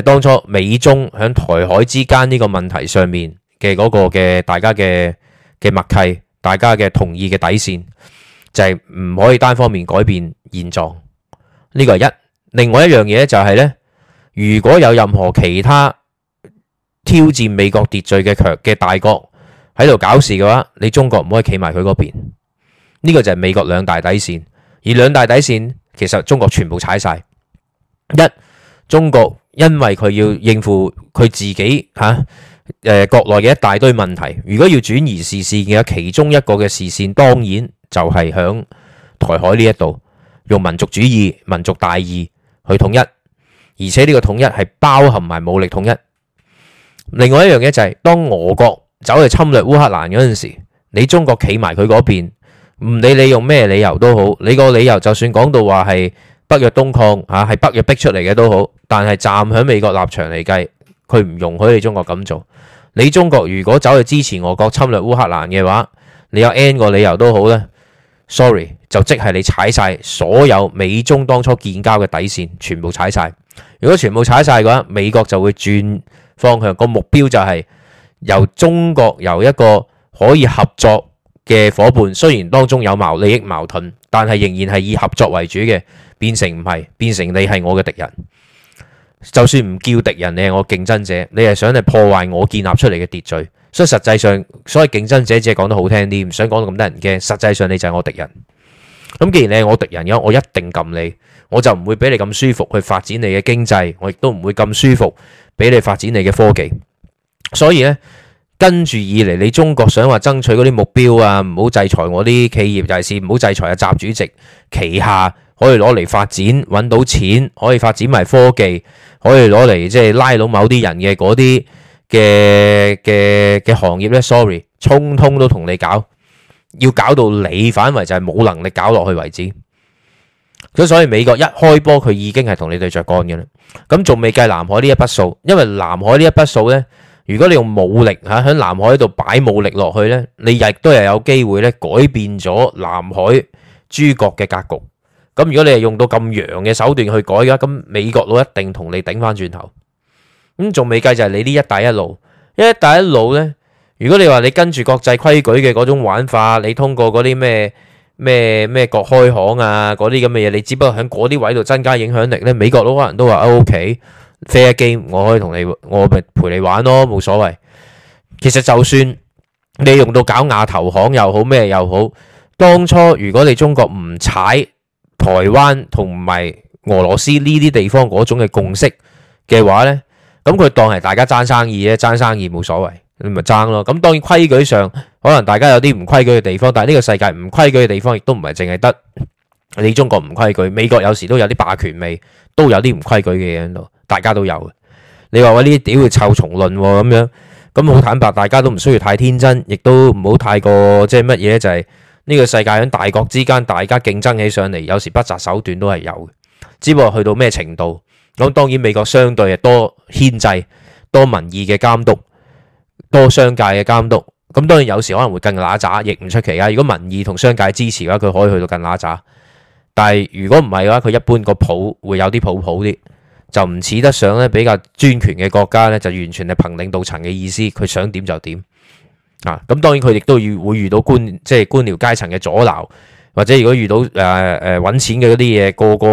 [SPEAKER 1] 係、是、當初美中響台海之間呢個問題上面嘅嗰個嘅大家嘅嘅默契。大家嘅同意嘅底線就係、是、唔可以單方面改變現狀，呢個係一。另外一樣嘢就係、是、呢，如果有任何其他挑戰美國秩序嘅強嘅大國喺度搞事嘅話，你中國唔可以企埋佢嗰邊。呢、這個就係美國兩大底線，而兩大底線其實中國全部踩晒。一中國因為佢要應付佢自己吓。啊誒，國內嘅一大堆問題，如果要轉移視線嘅其中一個嘅視線，當然就係響台海呢一度，用民族主義、民族大義去統一，而且呢個統一係包含埋武力統一。另外一樣嘢就係，當俄國走去侵略烏克蘭嗰陣時，你中國企埋佢嗰邊，唔理你用咩理由都好，你個理由就算講到話係北約東擴吓，係北約逼出嚟嘅都好，但係站喺美國立場嚟計，佢唔容許你中國咁做。你中國如果走去支持俄國侵略烏克蘭嘅話，你有 n 個理由都好啦。Sorry，就即係你踩晒所有美中當初建交嘅底線，全部踩晒。如果全部踩晒嘅話，美國就會轉方向，個目標就係由中國由一個可以合作嘅伙伴，雖然當中有矛利益矛盾，但係仍然係以合作為主嘅，變成唔係，變成你係我嘅敵人。就算唔叫敵人，你係我競爭者，你係想嚟，破壞我建立出嚟嘅秩序，所以實際上，所謂競爭者只係講得好聽啲，唔想講到咁多人驚。實際上你就係我敵人。咁既然你係我敵人咁，我一定撳你，我就唔會俾你咁舒服去發展你嘅經濟，我亦都唔會咁舒服俾你發展你嘅科技。所以呢，跟住以嚟，你中國想話爭取嗰啲目標啊，唔好制裁我啲企業，尤其是唔好制裁阿習主席旗下。可以攞嚟發展揾到錢，可以發展埋科技，可以攞嚟即係拉到某啲人嘅嗰啲嘅嘅嘅行業咧。Sorry，通通都同你搞，要搞到你反為就係冇能力搞落去為止。咁所以美國一開波，佢已經係同你對著幹嘅啦。咁仲未計南海呢一筆數，因為南海呢一筆數咧，如果你用武力嚇喺南海度擺武力落去咧，你亦都係有機會咧改變咗南海諸國嘅格局。咁如果你係用到咁洋嘅手段去改啦，咁美國佬一定同你頂翻轉頭。咁仲未計就係你呢一帶一路，一帶一路咧，如果你話你跟住國際規矩嘅嗰種玩法，你通過嗰啲咩咩咩國開行啊嗰啲咁嘅嘢，你只不過喺嗰啲位度增加影響力咧，美國佬可能都話 O K fair game，我可以同你我陪你玩咯，冇所謂。其實就算你用到搞亞投行又好咩又好，當初如果你中國唔踩台灣同埋俄羅斯呢啲地方嗰種嘅共識嘅話呢，咁佢當係大家爭生意啫，爭生意冇所謂，你咪爭咯。咁當然規矩上，可能大家有啲唔規矩嘅地方，但係呢個世界唔規矩嘅地方亦都唔係淨係得你中國唔規矩，美國有時都有啲霸權味，都有啲唔規矩嘅嘢喺度，大家都有嘅。你話我呢啲屌會臭蟲論咁、哦、樣，咁好坦白，大家都唔需要太天真，亦都唔好太過即係乜嘢就係、是。就是呢個世界喺大國之間，大家競爭起上嚟，有時不擇手段都係有嘅。只不過去到咩程度，咁當然美國相對係多牽制、多民意嘅監督、多商界嘅監督。咁當然有時可能會更乸渣，亦唔出奇啊！如果民意同商界支持嘅話，佢可以去到更乸渣。但係如果唔係嘅話，佢一般個譜會有啲譜譜啲，就唔似得上咧比較專權嘅國家咧，就完全係憑領導層嘅意思，佢想點就點。啊，咁當然佢亦都要會遇到官即係官僚階層嘅阻撓，或者如果遇到誒誒揾錢嘅嗰啲嘢，個個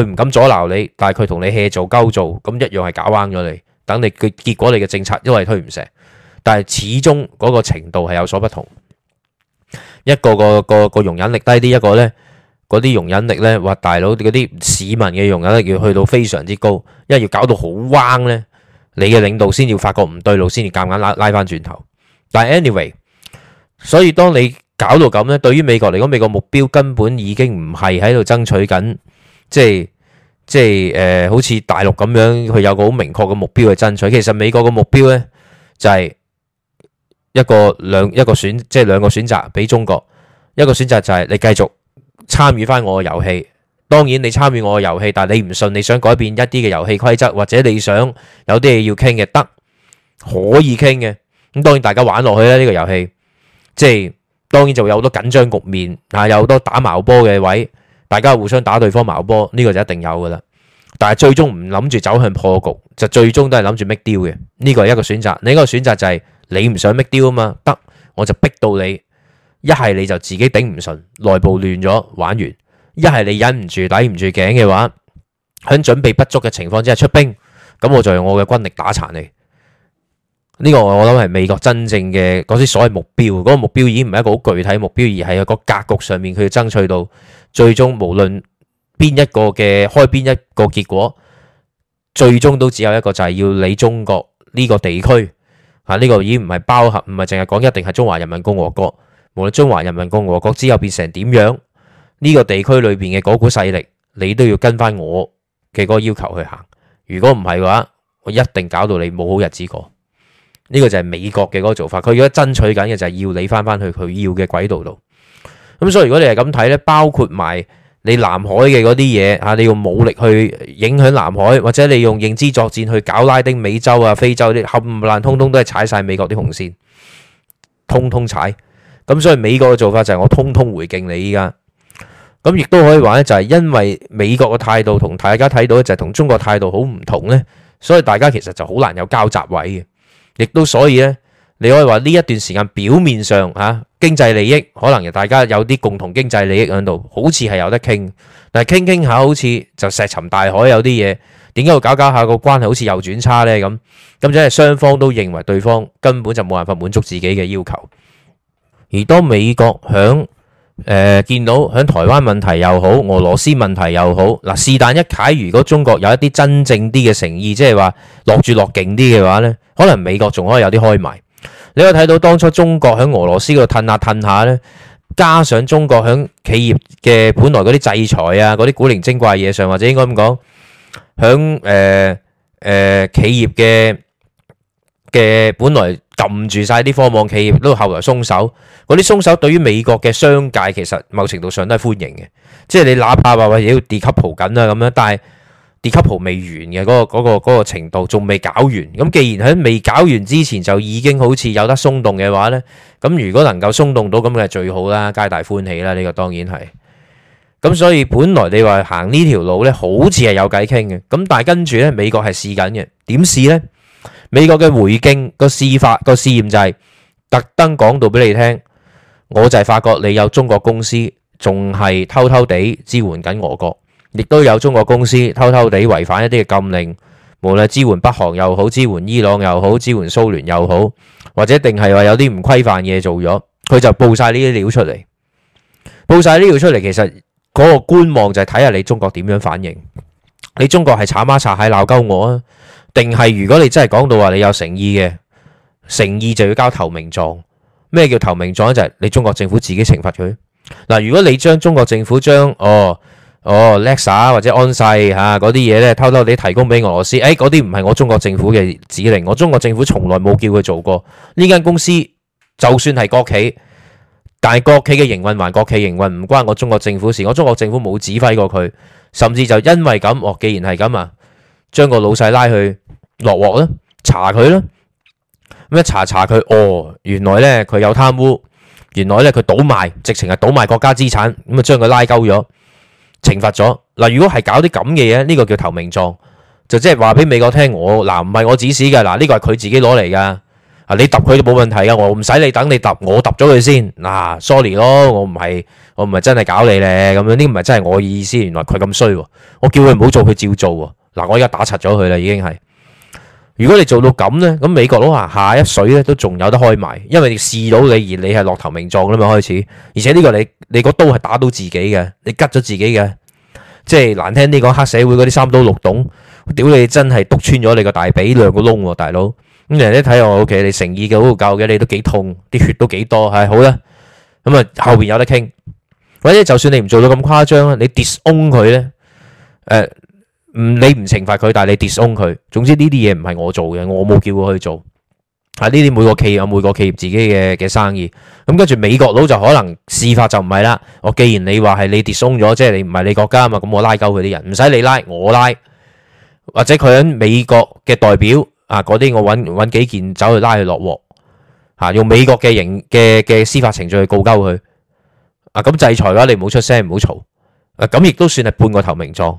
[SPEAKER 1] 佢唔敢阻撓你，但係佢同你 hea 做鳩做，咁一樣係搞彎咗你，等你佢結果你嘅政策，因為推唔成，但係始終嗰個程度係有所不同，一個個個個，個，個容忍力低啲，一個咧嗰啲容忍力咧話大佬嗰啲市民嘅容忍力要去到非常之高，因為要搞到好彎咧，你嘅領導先要發覺唔對路，先至夾硬拉拉翻轉頭。但係，anyway，所以當你搞到咁咧，對於美國嚟講，美國目標根本已經唔係喺度爭取緊，即係即係誒、呃，好似大陸咁樣，佢有個好明確嘅目標去爭取。其實美國嘅目標咧，就係、是、一個兩一個選，即係兩個選擇俾中國。一個選擇就係你繼續參與翻我嘅遊戲。當然你參與我嘅遊戲，但係你唔信，你想改變一啲嘅遊戲規則，或者你想有啲嘢要傾嘅，得可以傾嘅。咁當然大家玩落去咧，呢個遊戲即係當然就會有好多緊張局面，啊有好多打矛波嘅位，大家互相打對方矛波，呢個就一定有噶啦。但係最終唔諗住走向破局，就最終都係諗住 make deal 嘅。呢個係一個選擇。另一個選擇就係你唔想 make deal 啊嘛，得我就逼到你，一係你就自己頂唔順，內部亂咗玩完；一係你忍唔住抵唔住頸嘅話，喺準備不足嘅情況之下出兵，咁我就用我嘅軍力打殘你。呢個我諗係美國真正嘅嗰啲所謂目標，嗰個目標已經唔係一個好具體目標，而係個格局上面佢要爭取到最終無論邊一個嘅開邊一個結果，最終都只有一個，就係要你中國呢個地區嚇，呢個已經唔係包含，唔係淨係講一定係中華人民共和國，無論中華人民共和國之後變成點樣，呢個地區裏邊嘅嗰股勢力，你都要跟翻我嘅嗰個要求去行。如果唔係嘅話，我一定搞到你冇好日子過。呢個就係美國嘅嗰個做法，佢而家爭取緊嘅就係要你翻翻去佢要嘅軌道度。咁所以如果你係咁睇咧，包括埋你南海嘅嗰啲嘢嚇，你用武力去影響南海，或者你用認知作戰去搞拉丁美洲啊、非洲啲，冚唪唥通通都係踩晒美國啲紅線，通通踩。咁所以美國嘅做法就係我通通回敬你依家。咁亦都可以話咧，就係因為美國嘅態度同大家睇到咧，就係、是、同中國態度好唔同咧，所以大家其實就好難有交集位嘅。亦都所以呢，你可以話呢一段時間表面上吓經濟利益可能大家有啲共同經濟利益喺度，好似係有得傾，但係傾傾下好似就石沉大海，有啲嘢點解要搞搞下個關係好似又轉差呢咁？咁即係雙方都認為對方根本就冇辦法滿足自己嘅要求，而當美國響。誒、呃，見到喺台灣問題又好，俄羅斯問題又好，嗱是但一解。如果中國有一啲真正啲嘅誠意，即係話落住落勁啲嘅話咧，可能美國仲可以有啲開埋。你可以睇到當初中國喺俄羅斯嗰度褪下褪下咧，加上中國喺企業嘅本來嗰啲制裁啊，嗰啲古靈精怪嘢上，或者應該咁講，喺誒誒企業嘅嘅本來。撳住晒啲科網企業，都後來鬆手。嗰啲鬆手對於美國嘅商界其實某程度上都係歡迎嘅，即係你哪怕話話要 decouple 緊啊咁樣，但係 decouple 未完嘅嗰、嗰個嗰、嗰個嗰個、程度仲未搞完。咁既然喺未搞完之前就已經好似有得鬆動嘅話呢，咁如果能夠鬆動到咁嘅最好啦，皆大歡喜啦，呢、呢個當然係。咁所以本來你話行呢條路呢，好似係有偈傾嘅。咁但係跟住呢，美國係試緊嘅，點試呢？美國嘅回敬個司法個試驗就係特登講到俾你聽，我就係發覺你有中國公司仲係偷偷地支援緊俄國，亦都有中國公司偷偷地違反一啲禁令，無論支援北韓又好，支援伊朗又好，支援蘇聯又好，或者定係話有啲唔規範嘢做咗，佢就報晒呢啲料出嚟，報晒呢啲料出嚟，其實嗰個觀望就係睇下你中國點樣反應，你中國係炒媽炒閪鬧鳩我啊！定係如果你真係講到話你有誠意嘅誠意就要交投名狀。咩叫投名狀咧？就係你中國政府自己懲罰佢。嗱，如果你將中國政府將哦哦 Lexa 或者安世吓嗰啲嘢咧偷偷地提供俾俄羅斯，誒，嗰啲唔係我中國政府嘅指令，我中國政府從來冇叫佢做過。呢間公司就算係國企，但係國企嘅營運還國企營運唔關我中國政府事，我中國政府冇指揮過佢，甚至就因為咁，哦，既然係咁啊。將個老細拉去落鑊啦，查佢啦，咁一查查佢，哦，原來咧，佢有貪污，原來咧，佢倒賣，直情係倒賣國家資產，咁啊將佢拉鳩咗，懲罰咗。嗱，如果係搞啲咁嘅嘢，呢個叫投名狀，就即係話俾美國聽，我嗱，唔係我指使嘅，嗱呢個係佢自己攞嚟噶，啊你揼佢都冇問題噶，我唔使你等，你揼我揼咗佢先，嗱，sorry 咯，我唔係我唔係真係搞你咧，咁樣呢個唔係真係我嘅意思，原來佢咁衰，我叫佢唔好做，佢照做。嗱，我依家打柒咗佢啦，已經係。如果你做到咁咧，咁美國佬啊，下一水咧都仲有得開埋，因為你試到你而你係落頭命撞噶嘛開始。而且呢個你你個刀係打到自己嘅，你吉咗自己嘅，即係難聽啲講黑社會嗰啲三刀六洞，屌你真係篤穿咗你個大髀兩個窿喎，大佬。咁你睇我 OK，你誠意嘅好夠嘅，你都幾痛，啲血都幾多，係好啦。咁啊後邊有得傾，或者就算你唔做到咁誇張啦，你 disown 佢咧，誒？唔，你唔懲罰佢，但係你跌鬆佢。總之呢啲嘢唔係我做嘅，我冇叫佢去做。啊呢啲每個企業有每個企業自己嘅嘅生意。咁跟住美國佬就可能司法就唔係啦。我既然你話係你跌鬆咗，即係你唔係你國家啊嘛，咁我拉鳩佢啲人，唔使你拉，我拉。或者佢喺美國嘅代表啊，嗰啲我揾揾幾件走去拉佢落鑊。嚇、啊，用美國嘅刑嘅嘅司法程序去告鳩佢。啊，咁制裁嘅話，你唔好出聲，唔好嘈。啊，咁亦都算係半個投名狀。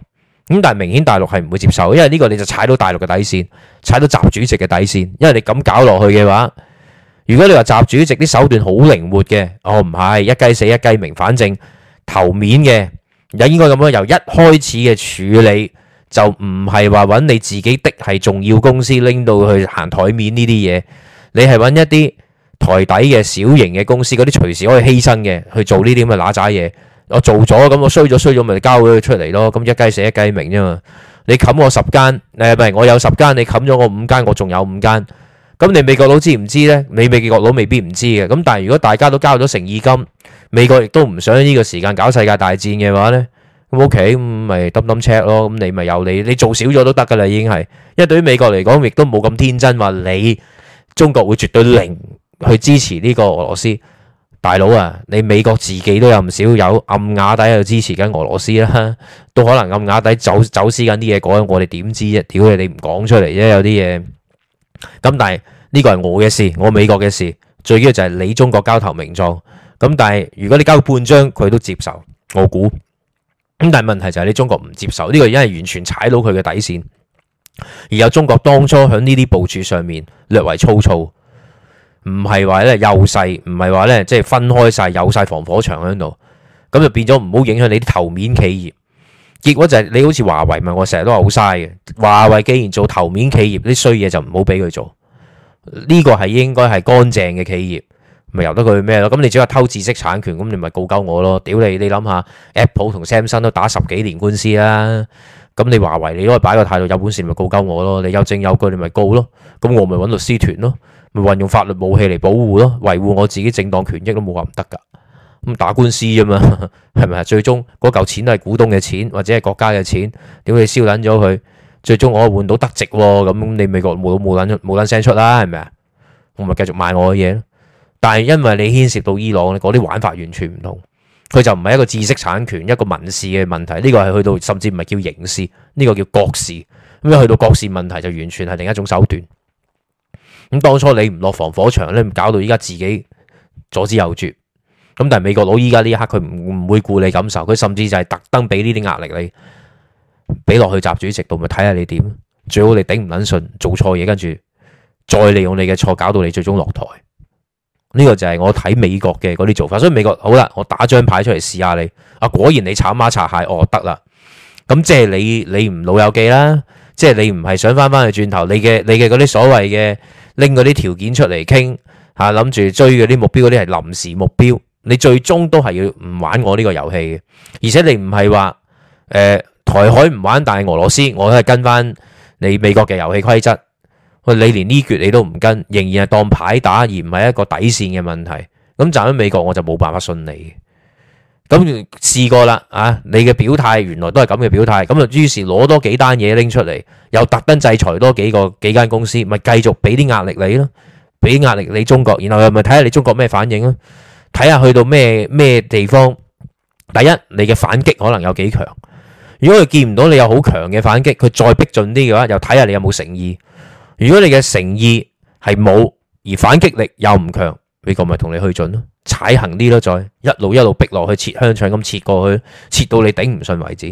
[SPEAKER 1] 咁但係明顯大陸係唔會接受，因為呢個你就踩到大陸嘅底線，踩到習主席嘅底線。因為你咁搞落去嘅話，如果你話習主席啲手段好靈活嘅，哦，唔係一雞死一雞鳴，反正頭面嘅，應該咁樣。由一開始嘅處理就唔係話揾你自己的係重要公司拎到去行枱面呢啲嘢，你係揾一啲台底嘅小型嘅公司，嗰啲隨時可以犧牲嘅去做呢啲咁嘅揦渣嘢。我做咗咁我衰咗衰咗，咪交咗佢出嚟咯。咁一雞死一雞鳴啫嘛。你冚我十間，誒唔係我有十間，你冚咗我五間，我仲有五間。咁你美國佬知唔知咧？你美國佬未必唔知嘅。咁但係如果大家都交咗誠意金，美國亦都唔想呢個時間搞世界大戰嘅話咧，咁 OK，咁咪抌抌車咯。咁你咪由你，你做少咗都得噶啦，已經係。因為對於美國嚟講，亦都冇咁天真話你中國會絕對零去支持呢個俄羅斯。大佬啊，你美國自己都有唔少有暗瓦底喺度支持緊俄羅斯啦，都可能暗瓦底走走私緊啲嘢過我哋點知啫？屌你，你唔講出嚟啫，有啲嘢。咁但係呢個係我嘅事，我美國嘅事，最緊要就係你中國交投名狀。咁但係如果你交半張，佢都接受，我估。咁但係問題就係你中國唔接受，呢、這個已經完全踩到佢嘅底線，而有中國當初喺呢啲部署上面略為粗糙。唔係話咧幼細，唔係話咧即係分開晒，有晒防火牆喺度，咁就變咗唔好影響你啲頭面企業。結果就係、是、你好似華為咪我成日都話好嘥嘅。華為既然做頭面企業，啲衰嘢就唔好俾佢做。呢個係應該係乾淨嘅企業，咪由得佢咩咯？咁你只係偷知識產權，咁你咪告鳩我咯？屌你，你諗下，Apple 同 Samsung 都打十幾年官司啦。咁你華為，你都可以擺個態度，有本事咪告鳩我咯？你有證有據你，你咪告咯。咁我咪揾律師團咯。咪運用法律武器嚟保護咯，維護我自己正當權益都冇話唔得噶。咁打官司啫嘛，係咪？最終嗰嚿錢都係股東嘅錢或者係國家嘅錢，點你燒捻咗佢？最終我換到得值，咁你美國冇冇捻出冇捻聲出啦，係咪啊？我咪繼續賣我嘅嘢。但係因為你牽涉到伊朗，嗰啲玩法完全唔同，佢就唔係一個知識產權一個民事嘅問題，呢個係去到甚至唔係叫刑事，呢個叫國事。咁樣去到國事問題，就完全係另一種手段。咁當初你唔落防火牆咧，唔搞到依家自己左支右絀咁，但係美國佬依家呢一刻，佢唔唔會顧你感受，佢甚至就係特登俾呢啲壓力你，俾落去習主席度，咪睇下你點最好。你頂唔捻順，做錯嘢，跟住再利用你嘅錯，搞到你最終落台，呢個就係我睇美國嘅嗰啲做法。所以美國好啦，我打張牌出嚟試下你啊，果然你炒馬擦鞋，哦，得啦，咁即係你你唔老友記啦，即係你唔係想翻翻去轉頭，你嘅你嘅嗰啲所謂嘅。拎嗰啲條件出嚟傾吓，諗住追嗰啲目標，嗰啲係臨時目標。你最終都係要唔玩我呢個遊戲嘅，而且你唔係話誒台海唔玩，但係俄羅斯我都係跟翻你美國嘅遊戲規則。你連呢橛你都唔跟，仍然係當係牌打，而唔係一個底線嘅問題。咁站喺美國，我就冇辦法信你。咁試過啦，啊，你嘅表態原來都係咁嘅表態，咁啊於是攞多幾單嘢拎出嚟，又特登制裁多幾個幾間公司，咪繼續俾啲壓力你咯，俾啲壓力你中國，然後又咪睇下你中國咩反應咯，睇下去到咩咩地方，第一你嘅反擊可能有幾強，如果佢見唔到你有好強嘅反擊，佢再逼近啲嘅話，又睇下你有冇誠意，如果你嘅誠意係冇，而反擊力又唔強，美國咪同你去盡咯。踩行啲咯，再一路一路逼落去，切香腸咁切過去，切到你頂唔順為止。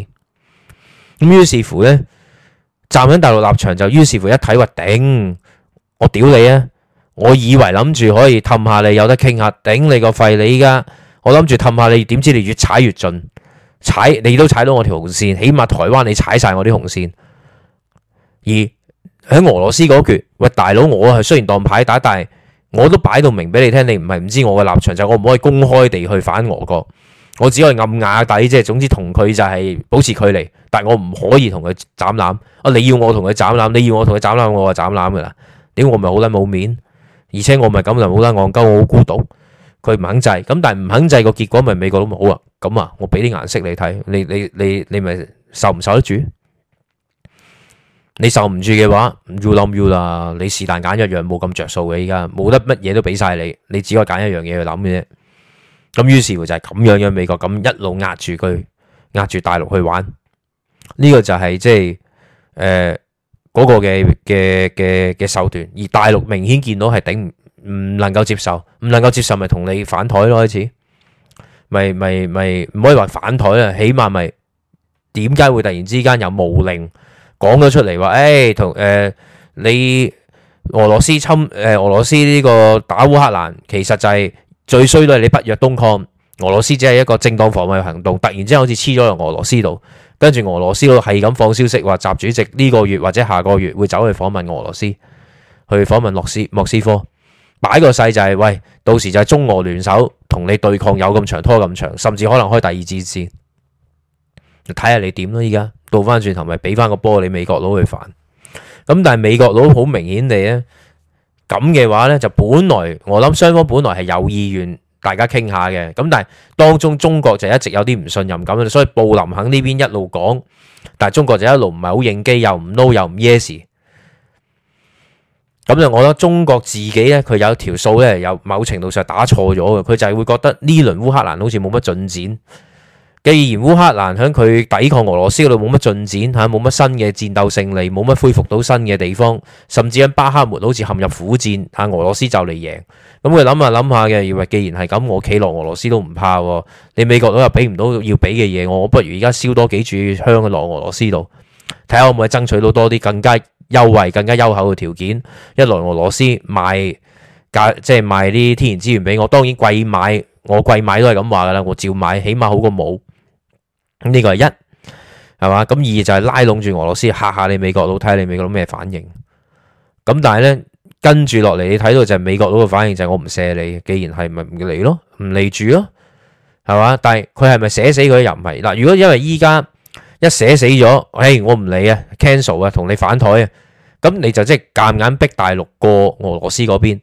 [SPEAKER 1] 咁於是乎呢，站喺大陸立場就於是乎一睇話頂，我屌你啊！我以為諗住可以氹下你，有得傾下，頂你個肺！你依家我諗住氹下你，點知你越踩越盡，踩你都踩到我條紅線，起碼台灣你踩晒我啲紅線。而喺俄羅斯嗰橛，喂大佬，我係雖然當牌打，但係。我都擺到明俾你聽，你唔係唔知我嘅立場就係，我唔可以公開地去反俄國，我只可以暗啞底，即係總之同佢就係保持距離。但係我唔可以同佢斬攬啊！你要我同佢斬攬，你要我同佢斬攬，我就斬攬噶啦。屌我咪好得冇面，而且我咪係咁就好得戇鳩，我好孤獨。佢唔肯制咁，但係唔肯制個結果咪美國都嘛好啊？咁啊，我俾啲顏色你睇，你你你你咪受唔受得住？你受唔住嘅話，要諗要啦。你是但揀一樣冇咁着數嘅。依家冇得乜嘢都俾晒你，你只可以揀一樣嘢去諗嘅啫。咁於是乎就係咁樣嘅，美國咁一路壓住佢，壓住大陸去玩。呢個就係即係誒嗰個嘅嘅嘅嘅手段。而大陸明顯見到係頂唔能夠接受，唔能夠接受咪同你反台咯？開始咪咪咪唔可以話反台啊！起碼咪點解會突然之間有無令？講咗出嚟，話，誒、哎，同誒、呃，你俄羅斯侵誒、呃，俄羅斯呢個打烏克蘭，其實就係最衰都係你北約東擴，俄羅斯只係一個正當防衛行動，突然之間好似黐咗入俄羅斯度，跟住俄羅斯度係咁放消息話，習主席呢個月或者下個月會走去訪問俄羅斯，去訪問諾斯莫斯科，擺個勢就係、是、喂，到時就係中俄聯手同你對抗有，有咁長拖咁長，甚至可能開第二戰線。睇下你點咯，依家倒翻轉頭咪俾翻個波你美國佬去煩，咁但係美國佬好明顯地咧，咁嘅話咧就本來我諗雙方本來係有意願大家傾下嘅，咁但係當中中國就一直有啲唔信任咁，所以布林肯呢邊一路講，但係中國就一路唔係好應機，又唔 n、no，又唔 yes，咁就我覺得中國自己咧佢有一條數咧，有某程度上打錯咗嘅，佢就係會覺得呢輪烏克蘭好似冇乜進展。既然烏克蘭喺佢抵抗俄羅斯嗰度冇乜進展吓，冇乜新嘅戰鬥勝利，冇乜恢復到新嘅地方，甚至喺巴赫門好似陷入苦戰，吓俄羅斯就嚟贏，咁佢諗下諗下嘅，以為既然係咁，我企落俄羅斯都唔怕，你美國佬又俾唔到要俾嘅嘢，我不如而家燒多幾炷香落俄羅斯度，睇下我咪爭取到多啲更加優惠、更加優厚嘅條件，一來俄羅斯賣價，即係賣啲天然資源俾我，當然貴買我貴買都係咁話噶啦，我照買，起碼好過冇。呢個係一係嘛，咁二就係拉攏住俄羅斯吓下你美國佬，睇下你美國佬咩反應。咁但係咧跟住落嚟，你睇到就係美國佬嘅反應就係我唔射你，既然係咪唔嚟咯，唔嚟住咯係嘛？但係佢係咪寫死佢又唔係嗱？如果因為依家一寫死咗，誒我唔理啊，cancel 啊，同你反台啊，咁你就即係夾硬逼大陸過俄羅斯嗰邊。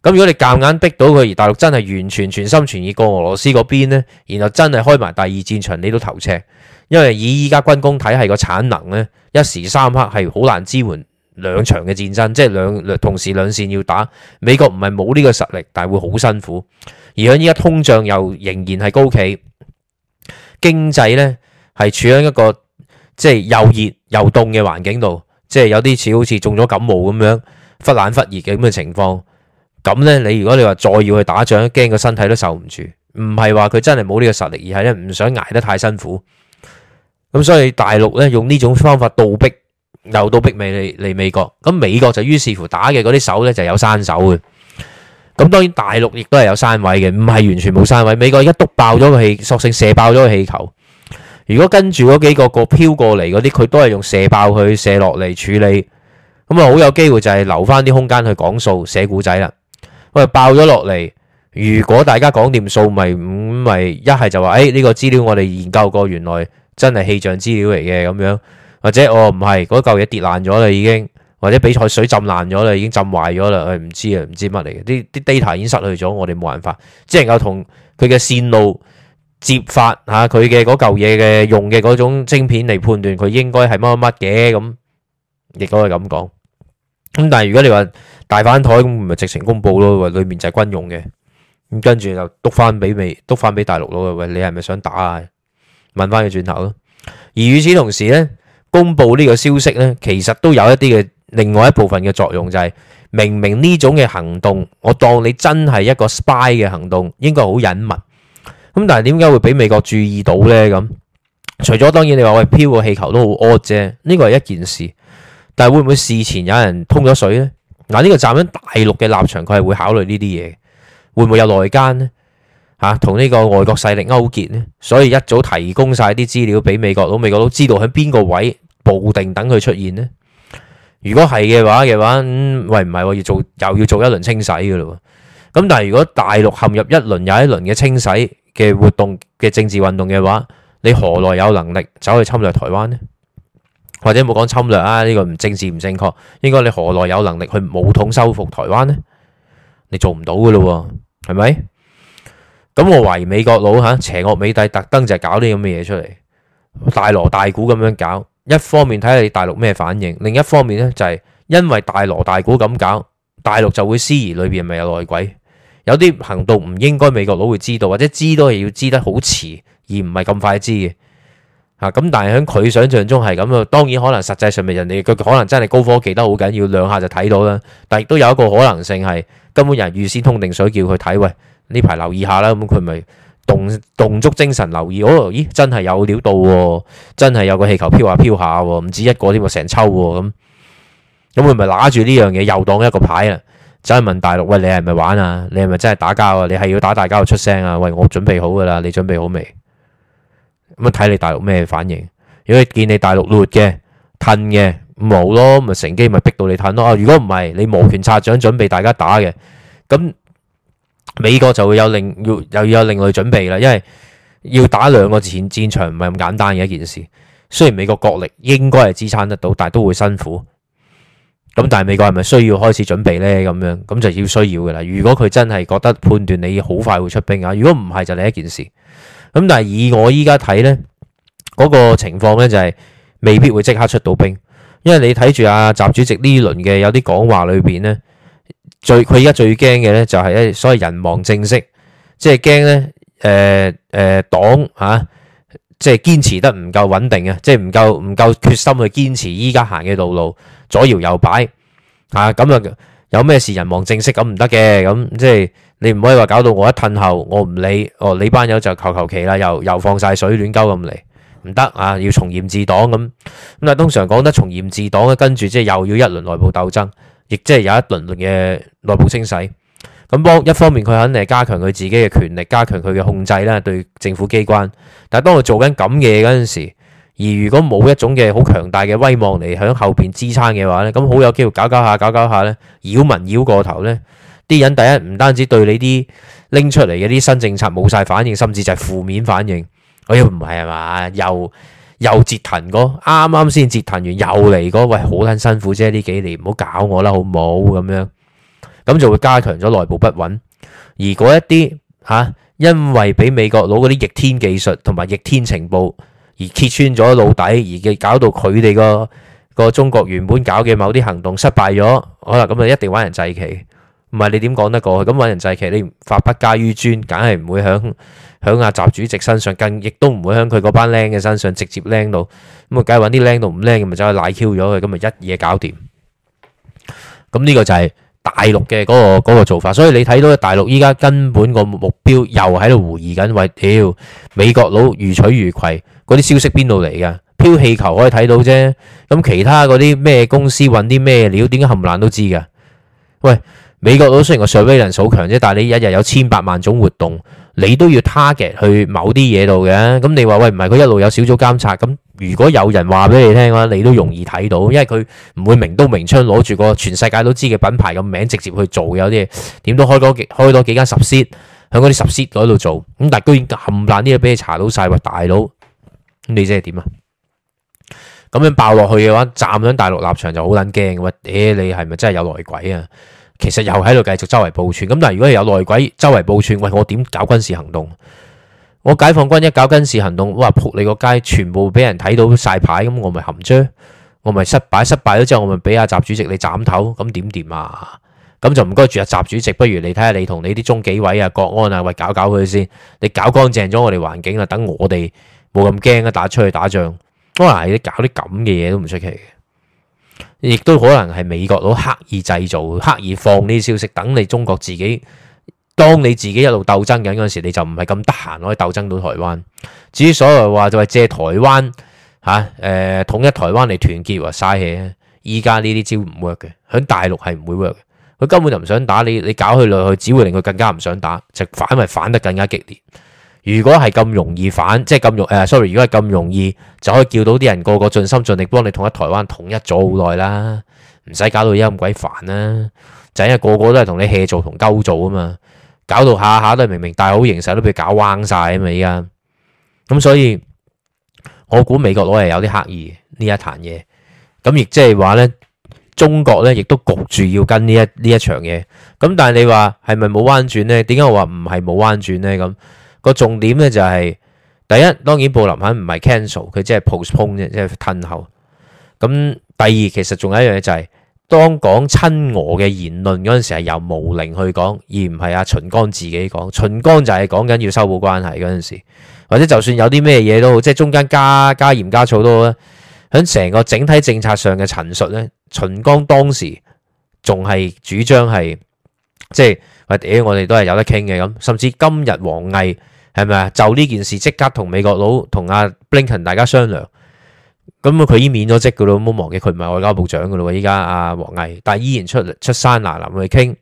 [SPEAKER 1] 咁如果你夾硬逼到佢，而大陸真係完全全心全意過俄羅斯嗰邊呢，然後真係開埋第二戰場，你都頭赤，因為以依家軍工體系個產能呢，一時三刻係好難支援兩場嘅戰爭，即係兩同時兩線要打。美國唔係冇呢個實力，但係會好辛苦。而喺依家通脹又仍然係高企，經濟呢係處喺一個即係又熱又凍嘅環境度，即係有啲似好似中咗感冒咁樣忽冷忽熱嘅咁嘅情況。咁咧，你如果你話再要去打仗，驚個身體都受唔住，唔係話佢真係冇呢個實力，而係咧唔想捱得太辛苦。咁所以大陸咧用呢種方法倒逼，又倒逼美嚟嚟美國。咁美國就於是乎打嘅嗰啲手咧就有山手嘅。咁當然大陸亦都係有山位嘅，唔係完全冇山位。美國一督爆咗個氣，索性射爆咗個氣球。如果跟住嗰幾個個飄過嚟嗰啲，佢都係用射爆去射落嚟處理。咁啊，好有機會就係留翻啲空間去講數寫故仔啦。喂，爆咗落嚟！如果大家講掂數，咪五咪一係就話，誒、哎、呢、這個資料我哋研究過，原來真係氣象資料嚟嘅咁樣，或者我唔係嗰嚿嘢跌爛咗啦，哦、已經或者比賽水浸爛咗啦，已經浸壞咗啦，誒、哎、唔知啊，唔知乜嚟嘅，啲啲 data 已經失去咗，我哋冇辦法，只能夠同佢嘅線路接法吓，佢嘅嗰嚿嘢嘅用嘅嗰種晶片嚟判斷，佢應該係乜乜乜嘅咁，亦都係咁講。咁但係如果你話大翻台咁，咪直情公布咯。喂，裏面就係軍用嘅，咁跟住就督翻俾美，督翻俾大陸咯。喂，你係咪想打啊？問翻佢轉頭咯。而與此同時呢，公布呢個消息呢，其實都有一啲嘅另外一部分嘅作用，就係明明呢種嘅行動，我當你真係一個 spy 嘅行動，應該好隱密。咁但係點解會俾美國注意到呢？咁除咗當然你話我哋飄個氣球都好 odd 啫，呢個係一件事。但係會唔會事前有人通咗水呢？嗱，呢個站喺大陸嘅立場，佢係會考慮呢啲嘢，會唔會有內奸呢？嚇，同呢個外國勢力勾結呢？所以一早提供晒啲資料俾美國佬，美國佬知道喺邊個位布定等佢出現呢？如果係嘅話嘅話，喂唔係，要做又要做一輪清洗嘅咯。咁但係如果大陸陷入一輪又一輪嘅清洗嘅活動嘅政治運動嘅話，你何來有能力走去侵略台灣呢？或者冇講侵略啊，呢、這個唔政治唔正確。應該你何來有能力去武統收復台灣呢？你做唔到噶咯，係咪？咁我懷疑美國佬吓邪惡美帝特登就係搞啲咁嘅嘢出嚟，大鑼大鼓咁樣搞。一方面睇下你大陸咩反應，另一方面呢，就係、是、因為大鑼大鼓咁搞，大陸就會思疑裏邊係咪有內鬼，有啲行動唔應該美國佬會知道，或者知都係要知得好遲，而唔係咁快知嘅。啊！咁但係喺佢想象中係咁啊，當然可能實際上面人哋佢可能真係高科技得好緊要，兩下就睇到啦。但亦都有一個可能性係根本人預先通定水叫，叫佢睇喂，呢排留意下啦。咁佢咪動動足精神留意，哦咦，真係有料到喎，真係有個氣球飄下飄下，唔止一個添喎，成抽喎咁。咁佢咪拿住呢樣嘢又當一個牌啊？走去問大陸，喂，你係咪玩啊？你係咪真係打交啊？你係要打大交出聲啊？喂，我準備好噶啦，你準備好未？咁睇你大陸咩反應？如果見你大陸劣嘅、褪嘅，冇咯，咪乘機咪逼到你褪咯。啊，如果唔係，你磨拳擦掌準備大家打嘅，咁美國就會有另要又要有另類準備啦。因為要打兩個戰戰場唔係咁簡單嘅一件事。雖然美國國力應該係支撐得到，但係都會辛苦。咁但係美國係咪需要開始準備呢？咁樣咁就要需要噶啦。如果佢真係覺得判斷你好快會出兵啊，如果唔係就另一件事。咁但係以我依家睇咧，嗰個情況咧就係未必會即刻出到兵，因為你睇住阿習主席呢輪嘅有啲講話裏邊咧，最佢依家最驚嘅咧就係咧，所謂人亡政息，即係驚咧，誒誒黨吓，即係堅持得唔夠穩定啊，即係唔夠唔夠決心去堅持依家行嘅道路，左搖右擺吓，咁啊有咩事人亡政息咁唔得嘅，咁即係。你唔可以話搞到我一褪後我唔理，哦你班友就求求其啦，又又放晒水亂鳩咁嚟，唔得啊！要從嚴治黨咁咁啊，通常講得從嚴治黨咧，跟住即係又要一輪內部鬥爭，亦即係有一輪輪嘅內部清洗。咁幫一方面佢肯定係加強佢自己嘅權力，加強佢嘅控制啦，對政府機關。但係當佢做緊咁嘅嘢嗰陣時，而如果冇一種嘅好強大嘅威望嚟響後邊支撐嘅話咧，咁好有機會搞搞下，搞搞下咧，擾民擾過頭咧。啲人第一唔單止對你啲拎出嚟嘅啲新政策冇晒反應，甚至就係負面反應。我又唔係啊嘛，又又折騰過，啱啱先折騰完又嚟過，喂好撚辛苦啫。呢幾年唔好搞我啦，好唔好？咁樣咁就會加強咗內部不穩。而嗰一啲嚇，因為俾美國佬嗰啲逆天技術同埋逆天情報而揭穿咗老底，而嘅搞到佢哋個個中國原本搞嘅某啲行動失敗咗，好啦，咁就一定揾人祭旗。唔係你點講得過去？咁揾人制其實你法不加於尊，梗係唔會響響阿習主席身上，更亦都唔會響佢嗰班僆嘅身上直接僆到，咁啊梗係揾啲僆到唔僆嘅咪走去賴 Q 咗佢，咁咪一嘢搞掂。咁呢個就係大陸嘅嗰個嗰個做法，所以你睇到大陸依家根本個目標又喺度懷疑緊，喂，屌美國佬予取予攜，嗰啲消息邊度嚟噶？飄氣球可以睇到啫，咁其他嗰啲咩公司揾啲咩料，點解冚唪唥都知噶？喂！美國都雖然個 survey 人數強啫，但係你一日有千百萬種活動，你都要 target 去某啲嘢度嘅。咁你話喂，唔係佢一路有小組監察，咁如果有人話俾你聽嘅話，你都容易睇到，因為佢唔會明刀明槍攞住個全世界都知嘅品牌嘅名直接去做，有啲點都開多幾開多幾間十 sheet 響嗰啲十 sheet 度做，咁但係居然冚爛啲嘢俾你查到晒，喂，大佬，你即係點啊？咁樣爆落去嘅話，站響大陸立場就好捻驚，喂，誒，你係咪真係有內鬼啊？其實又喺度繼續周圍報串咁，但係如果有內鬼周圍報串，喂，我點搞軍事行動？我解放軍一搞軍事行動，哇撲你個街，全部俾人睇到晒牌咁，我咪含遮，我咪失敗，失敗咗之後我咪俾阿習主席你斬頭，咁點掂啊？咁就唔該住阿習主席，不如你睇下你同你啲中紀委啊、國安啊喂搞搞佢先，你搞乾淨咗我哋環境啊，等我哋冇咁驚啊打出去打仗，可能你搞啲咁嘅嘢，都唔出奇。亦都可能係美國佬刻意製造、刻意放呢啲消息，等你中國自己，當你自己一路鬥爭緊嗰陣時，你就唔係咁得閒可以鬥爭到台灣。至於所謂話就係、是、借台灣嚇誒、啊呃、統一台灣嚟團結，話嘥氣。依家呢啲招唔 work 嘅，喺大陸係唔會 work 嘅。佢根本就唔想打你，你搞佢落去，只會令佢更加唔想打，就反為反得更加激烈。如果係咁容易反，即係咁容誒，sorry，如果係咁容易就可以叫到啲人個個盡心盡力幫你同一灣統一台灣，統一咗好耐啦，唔使搞到而家咁鬼煩啦。就因為個個都係同你協做同勾做啊嘛，搞到下下都係明明大好形勢都俾搞彎晒啊嘛。依家咁，所以我估美國佬係有啲刻意一呢一壇嘢，咁亦即係話咧，中國咧亦都焗住要跟呢一呢一場嘢。咁但係你話係咪冇彎轉咧？點解我話唔係冇彎轉咧？咁？個重點咧就係、是，第一，當然布林肯唔係 cancel，佢即係 postpone 啫，即係吞後。咁第二，其實仲有一樣嘢就係、是，當講親俄嘅言論嗰陣時，係由毛寧去講，而唔係阿秦剛自己講。秦剛就係講緊要修補關係嗰陣時，或者就算有啲咩嘢都好，即係中間加加鹽加醋都好咧。喺成個整體政策上嘅陳述咧，秦剛當時仲係主張係即係。我屌，我哋都係有得傾嘅，咁，甚至今日王毅係咪啊？就呢件事即刻同美國佬同阿布林肯大家商量。咁啊，佢已經免咗職噶啦，唔好忘記佢唔係外交部長噶啦，依家阿王毅，但係依然出出山難難去傾，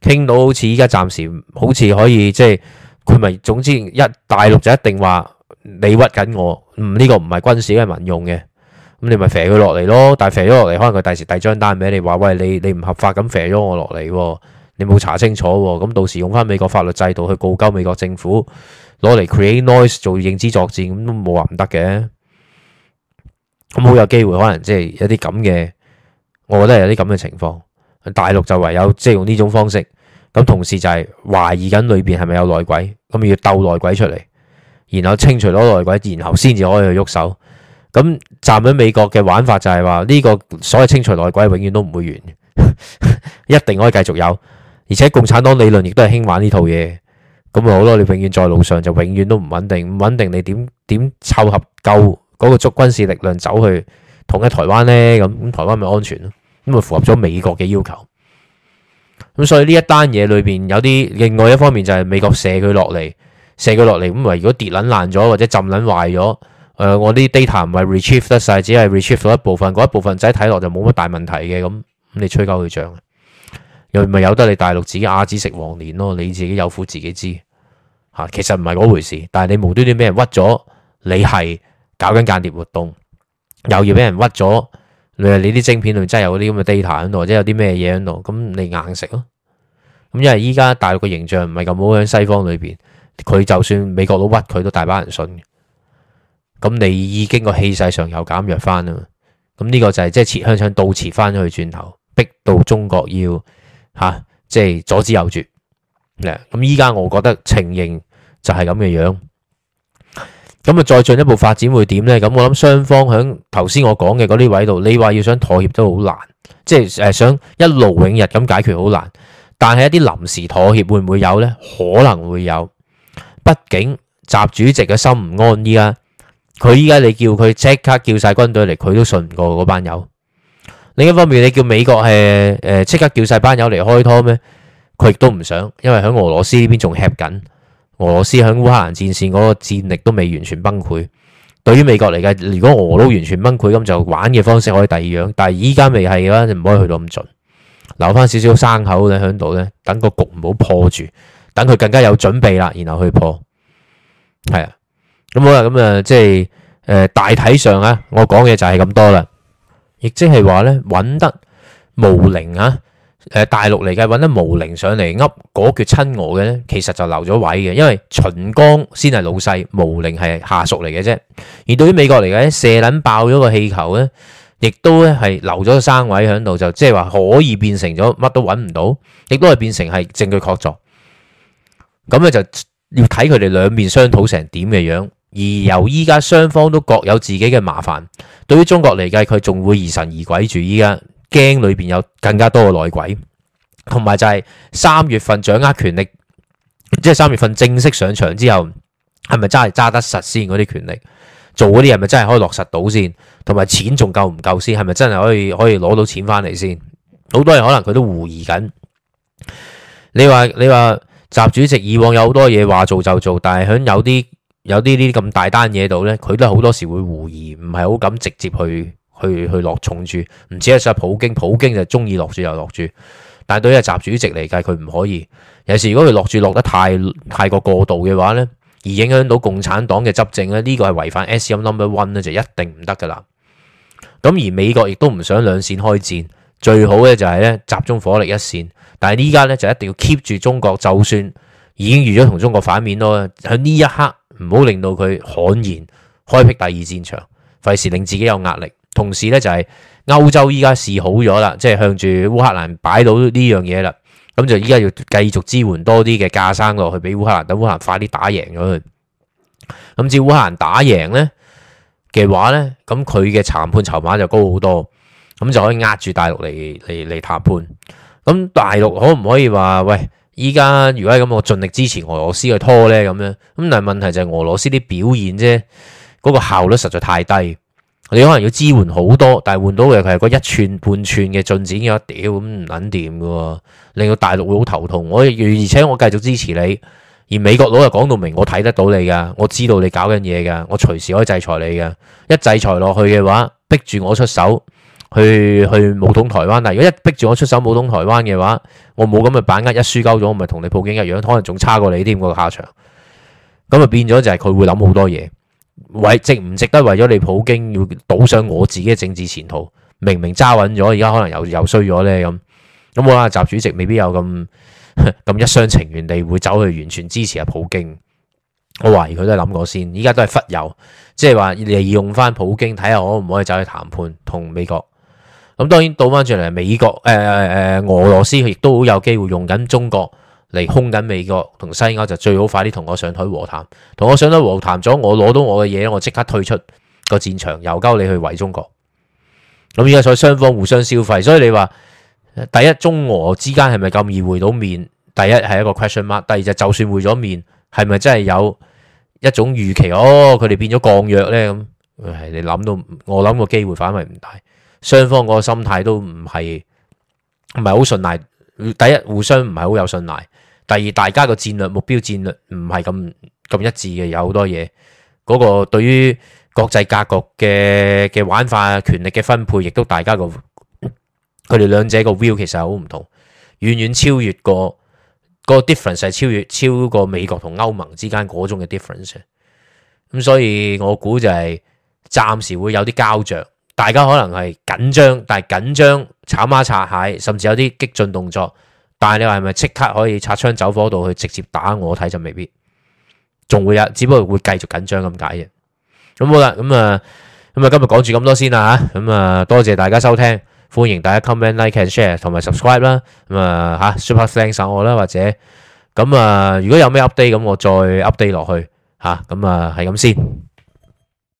[SPEAKER 1] 傾到好似依家暫時好似可以，即係佢咪總之一大陸就一定話你屈緊我，唔呢個唔係軍事，係民用嘅，咁你咪飛佢落嚟咯。但係飛咗落嚟，可能佢第時遞張單俾你話，喂，你你唔合法咁飛咗我落嚟。你冇查清楚咁，到時用翻美國法律制度去告鳩美國政府，攞嚟 create noise 做認知作戰，咁都冇話唔得嘅。咁、嗯、好有機會，可能即係一啲咁嘅，我覺得係有啲咁嘅情況。大陸就唯有即係、就是、用呢種方式，咁同時就係懷疑緊裏邊係咪有內鬼，咁要鬥內鬼出嚟，然後清除咗內鬼，然後先至可以去喐手。咁站喺美國嘅玩法就係話呢個所謂清除內鬼永遠都唔會完， [LAUGHS] 一定可以繼續有。而且共產黨理論亦都係興玩呢套嘢，咁咪好咯？你永遠在路上就永遠都唔穩定，唔穩定你點點湊合夠嗰個足軍事力量走去統一台灣呢？咁台灣咪安全咯？咁咪符合咗美國嘅要求。咁所以呢一單嘢裏邊有啲另外一方面就係美國射佢落嚟，射佢落嚟咁。如果跌撚爛咗或者浸撚壞咗，誒我啲 data 唔係 retrieve 得曬，只係 retrieve 咗一部分，嗰一部分仔睇落就冇乜大問題嘅咁，咁你吹鳩佢脹。又咪由得你大陸自己啞子食黃連咯，你自己有苦自己知吓，其實唔係嗰回事。但係你無端端俾人屈咗，你係搞緊間諜活動，又要俾人屈咗，你話你啲晶片裏真係有嗰啲咁嘅 data 喺度，或者有啲咩嘢喺度，咁你硬食咯。咁因為依家大陸嘅形象唔係咁好喺西方裏邊，佢就算美國佬屈佢都大把人，人信嘅。咁你已經個氣勢上又減弱翻啊嘛。咁呢個就係即係切香腸倒切翻咗去轉頭，逼到中國要。吓、啊，即係左支右絀，嗱，咁依家我覺得情形就係咁嘅樣，咁啊再進一步發展會點呢？咁我諗雙方響頭先我講嘅嗰啲位度，你話要想妥協都好難，即係想一勞永逸咁解決好難，但係一啲臨時妥協會唔會有呢？可能會有，畢竟習主席嘅心唔安，依家佢依家你叫佢即刻叫晒軍隊嚟，佢都信唔過嗰班友。另一方面，你叫美國係誒即刻叫晒班友嚟開拖咩？佢亦都唔想，因為喺俄羅斯呢邊仲吃緊，俄羅斯喺烏克蘭戰線嗰個戰力都未完全崩潰。對於美國嚟講，如果俄都完全崩潰，咁就玩嘅方式可以第二樣，但係依家未係啦，就唔可以去到咁盡，留翻少少生口咧喺度咧，等個局唔好破住，等佢更加有準備啦，然後去破。係啊，咁好啦，咁啊即係誒、呃、大體上啊，我講嘅就係咁多啦。亦即係話咧，搵得毛寧啊，誒、呃，大陸嚟嘅，搵得毛寧上嚟噏嗰句親我嘅咧，其實就留咗位嘅，因為秦剛先係老細，毛寧係下屬嚟嘅啫。而對於美國嚟嘅咧，射卵爆咗個氣球咧，亦都咧係留咗個生位喺度，就即係話可以變成咗乜都搵唔到，亦都係變成係證據確鑿。咁咧就要睇佢哋兩面商討成點嘅樣，樣。而由依家雙方都各有自己嘅麻煩，對於中國嚟計，佢仲會疑神疑鬼住依家，驚裏邊有更加多嘅內鬼，同埋就係三月份掌握權力，即係三月份正式上場之後，係咪真係揸得實先？嗰啲權力做嗰啲係咪真係可以落實到先？同埋錢仲夠唔夠先？係咪真係可以可以攞到錢翻嚟先？好多人可能佢都狐疑緊。你話你話習主席以往有好多嘢話做就做，但係響有啲。有呢啲咁大單嘢度呢，佢都好多時會猶豫，唔係好敢直接去去去落重住。唔似啊，實普京，普京就中意落住就落住。但對於習主席嚟計，佢唔可以。有時如果佢落住落得太太過過度嘅話呢，而影響到共產黨嘅執政呢，呢、這個係違反 s m Number One 呢，就一定唔得噶啦。咁而美國亦都唔想兩線開戰，最好呢就係呢集中火力一線。但係依家呢，就一定要 keep 住中國，就算。已經預咗同中國反面咯，喺呢一刻唔好令到佢悍然開辟第二戰場，費事令自己有壓力。同時呢，就係歐洲依家示好咗啦，即係向住烏克蘭擺到呢樣嘢啦，咁就依家要繼續支援多啲嘅架生落去俾烏克蘭，等烏克蘭快啲打贏咗佢。咁至烏克蘭打贏呢嘅話呢，咁佢嘅談判籌碼就高好多，咁就可以壓住大陸嚟嚟嚟談判。咁大陸可唔可以話喂？依家如果係咁，我盡力支持俄羅斯去拖呢。咁樣，咁但係問題就係俄羅斯啲表現啫，嗰個效率實在太低，你可能要支援好多，但係換到嘅佢係嗰一寸半寸嘅進展嘅，屌咁唔撚掂㗎喎，令到大陸會好頭痛。我而且我繼續支持你，而美國佬又講到明，我睇得到你噶，我知道你搞緊嘢噶，我隨時可以制裁你噶。一制裁落去嘅話，逼住我出手。去去武統台灣，但係如果一逼住我出手武統台灣嘅話，我冇咁嘅把握，一輸鳩咗，我咪同你普京一樣，可能仲差過你啲。嗰、嗰個下場。咁啊變咗就係佢會諗好多嘢，為值唔值得為咗你普京要賭上我自己嘅政治前途？明明揸穩咗，而家可能又又衰咗呢。咁。咁我諗習主席未必有咁咁 [LAUGHS] 一廂情願地會走去完全支持下普京。我懷疑佢都係諗過先，依家都係忽悠，即係話利用翻普京睇下可唔可以走去談判同美國。咁當然倒翻轉嚟，美國誒誒、呃、俄羅斯亦都好有機會用緊中國嚟控緊美國同西歐，就最好快啲同我上台和談，同我上台和談咗，我攞到我嘅嘢，我即刻退出個戰場，由交你去圍中國。咁而家在所以雙方互相消費，所以你話第一中俄之間係咪咁易會到面？第一係一個 question mark。第二就就算會咗面，係咪真係有一種預期？哦，佢哋變咗降弱呢。咁，係你諗到，我諗個機會反而唔大。雙方個心態都唔係唔係好信賴，第一互相唔係好有信賴，第二大家個戰略目標戰略唔係咁咁一致嘅，有好多嘢。嗰個對於國際格局嘅嘅玩法、權力嘅分配，亦都大家個佢哋兩者個 view 其實好唔同，遠遠超越過個 difference 係超越超過美國同歐盟之間嗰種嘅 difference。咁所以我估就係暫時會有啲膠著。大家可能係緊張，但係緊張炒孖擦蟹，甚至有啲激進動作。但係你話係咪即刻可以擦槍走火度去直接打我？睇就未必，仲會有，只不過會繼續緊張咁解嘅。咁好啦，咁啊，咁啊，今日講住咁多先啦吓。咁啊，多謝大家收聽，歡迎大家 comment like and share 同埋 subscribe 啦。咁啊吓，super thanks 我啦，或者咁啊，如果有咩 update，咁我再 update 落去吓。咁啊，係咁先。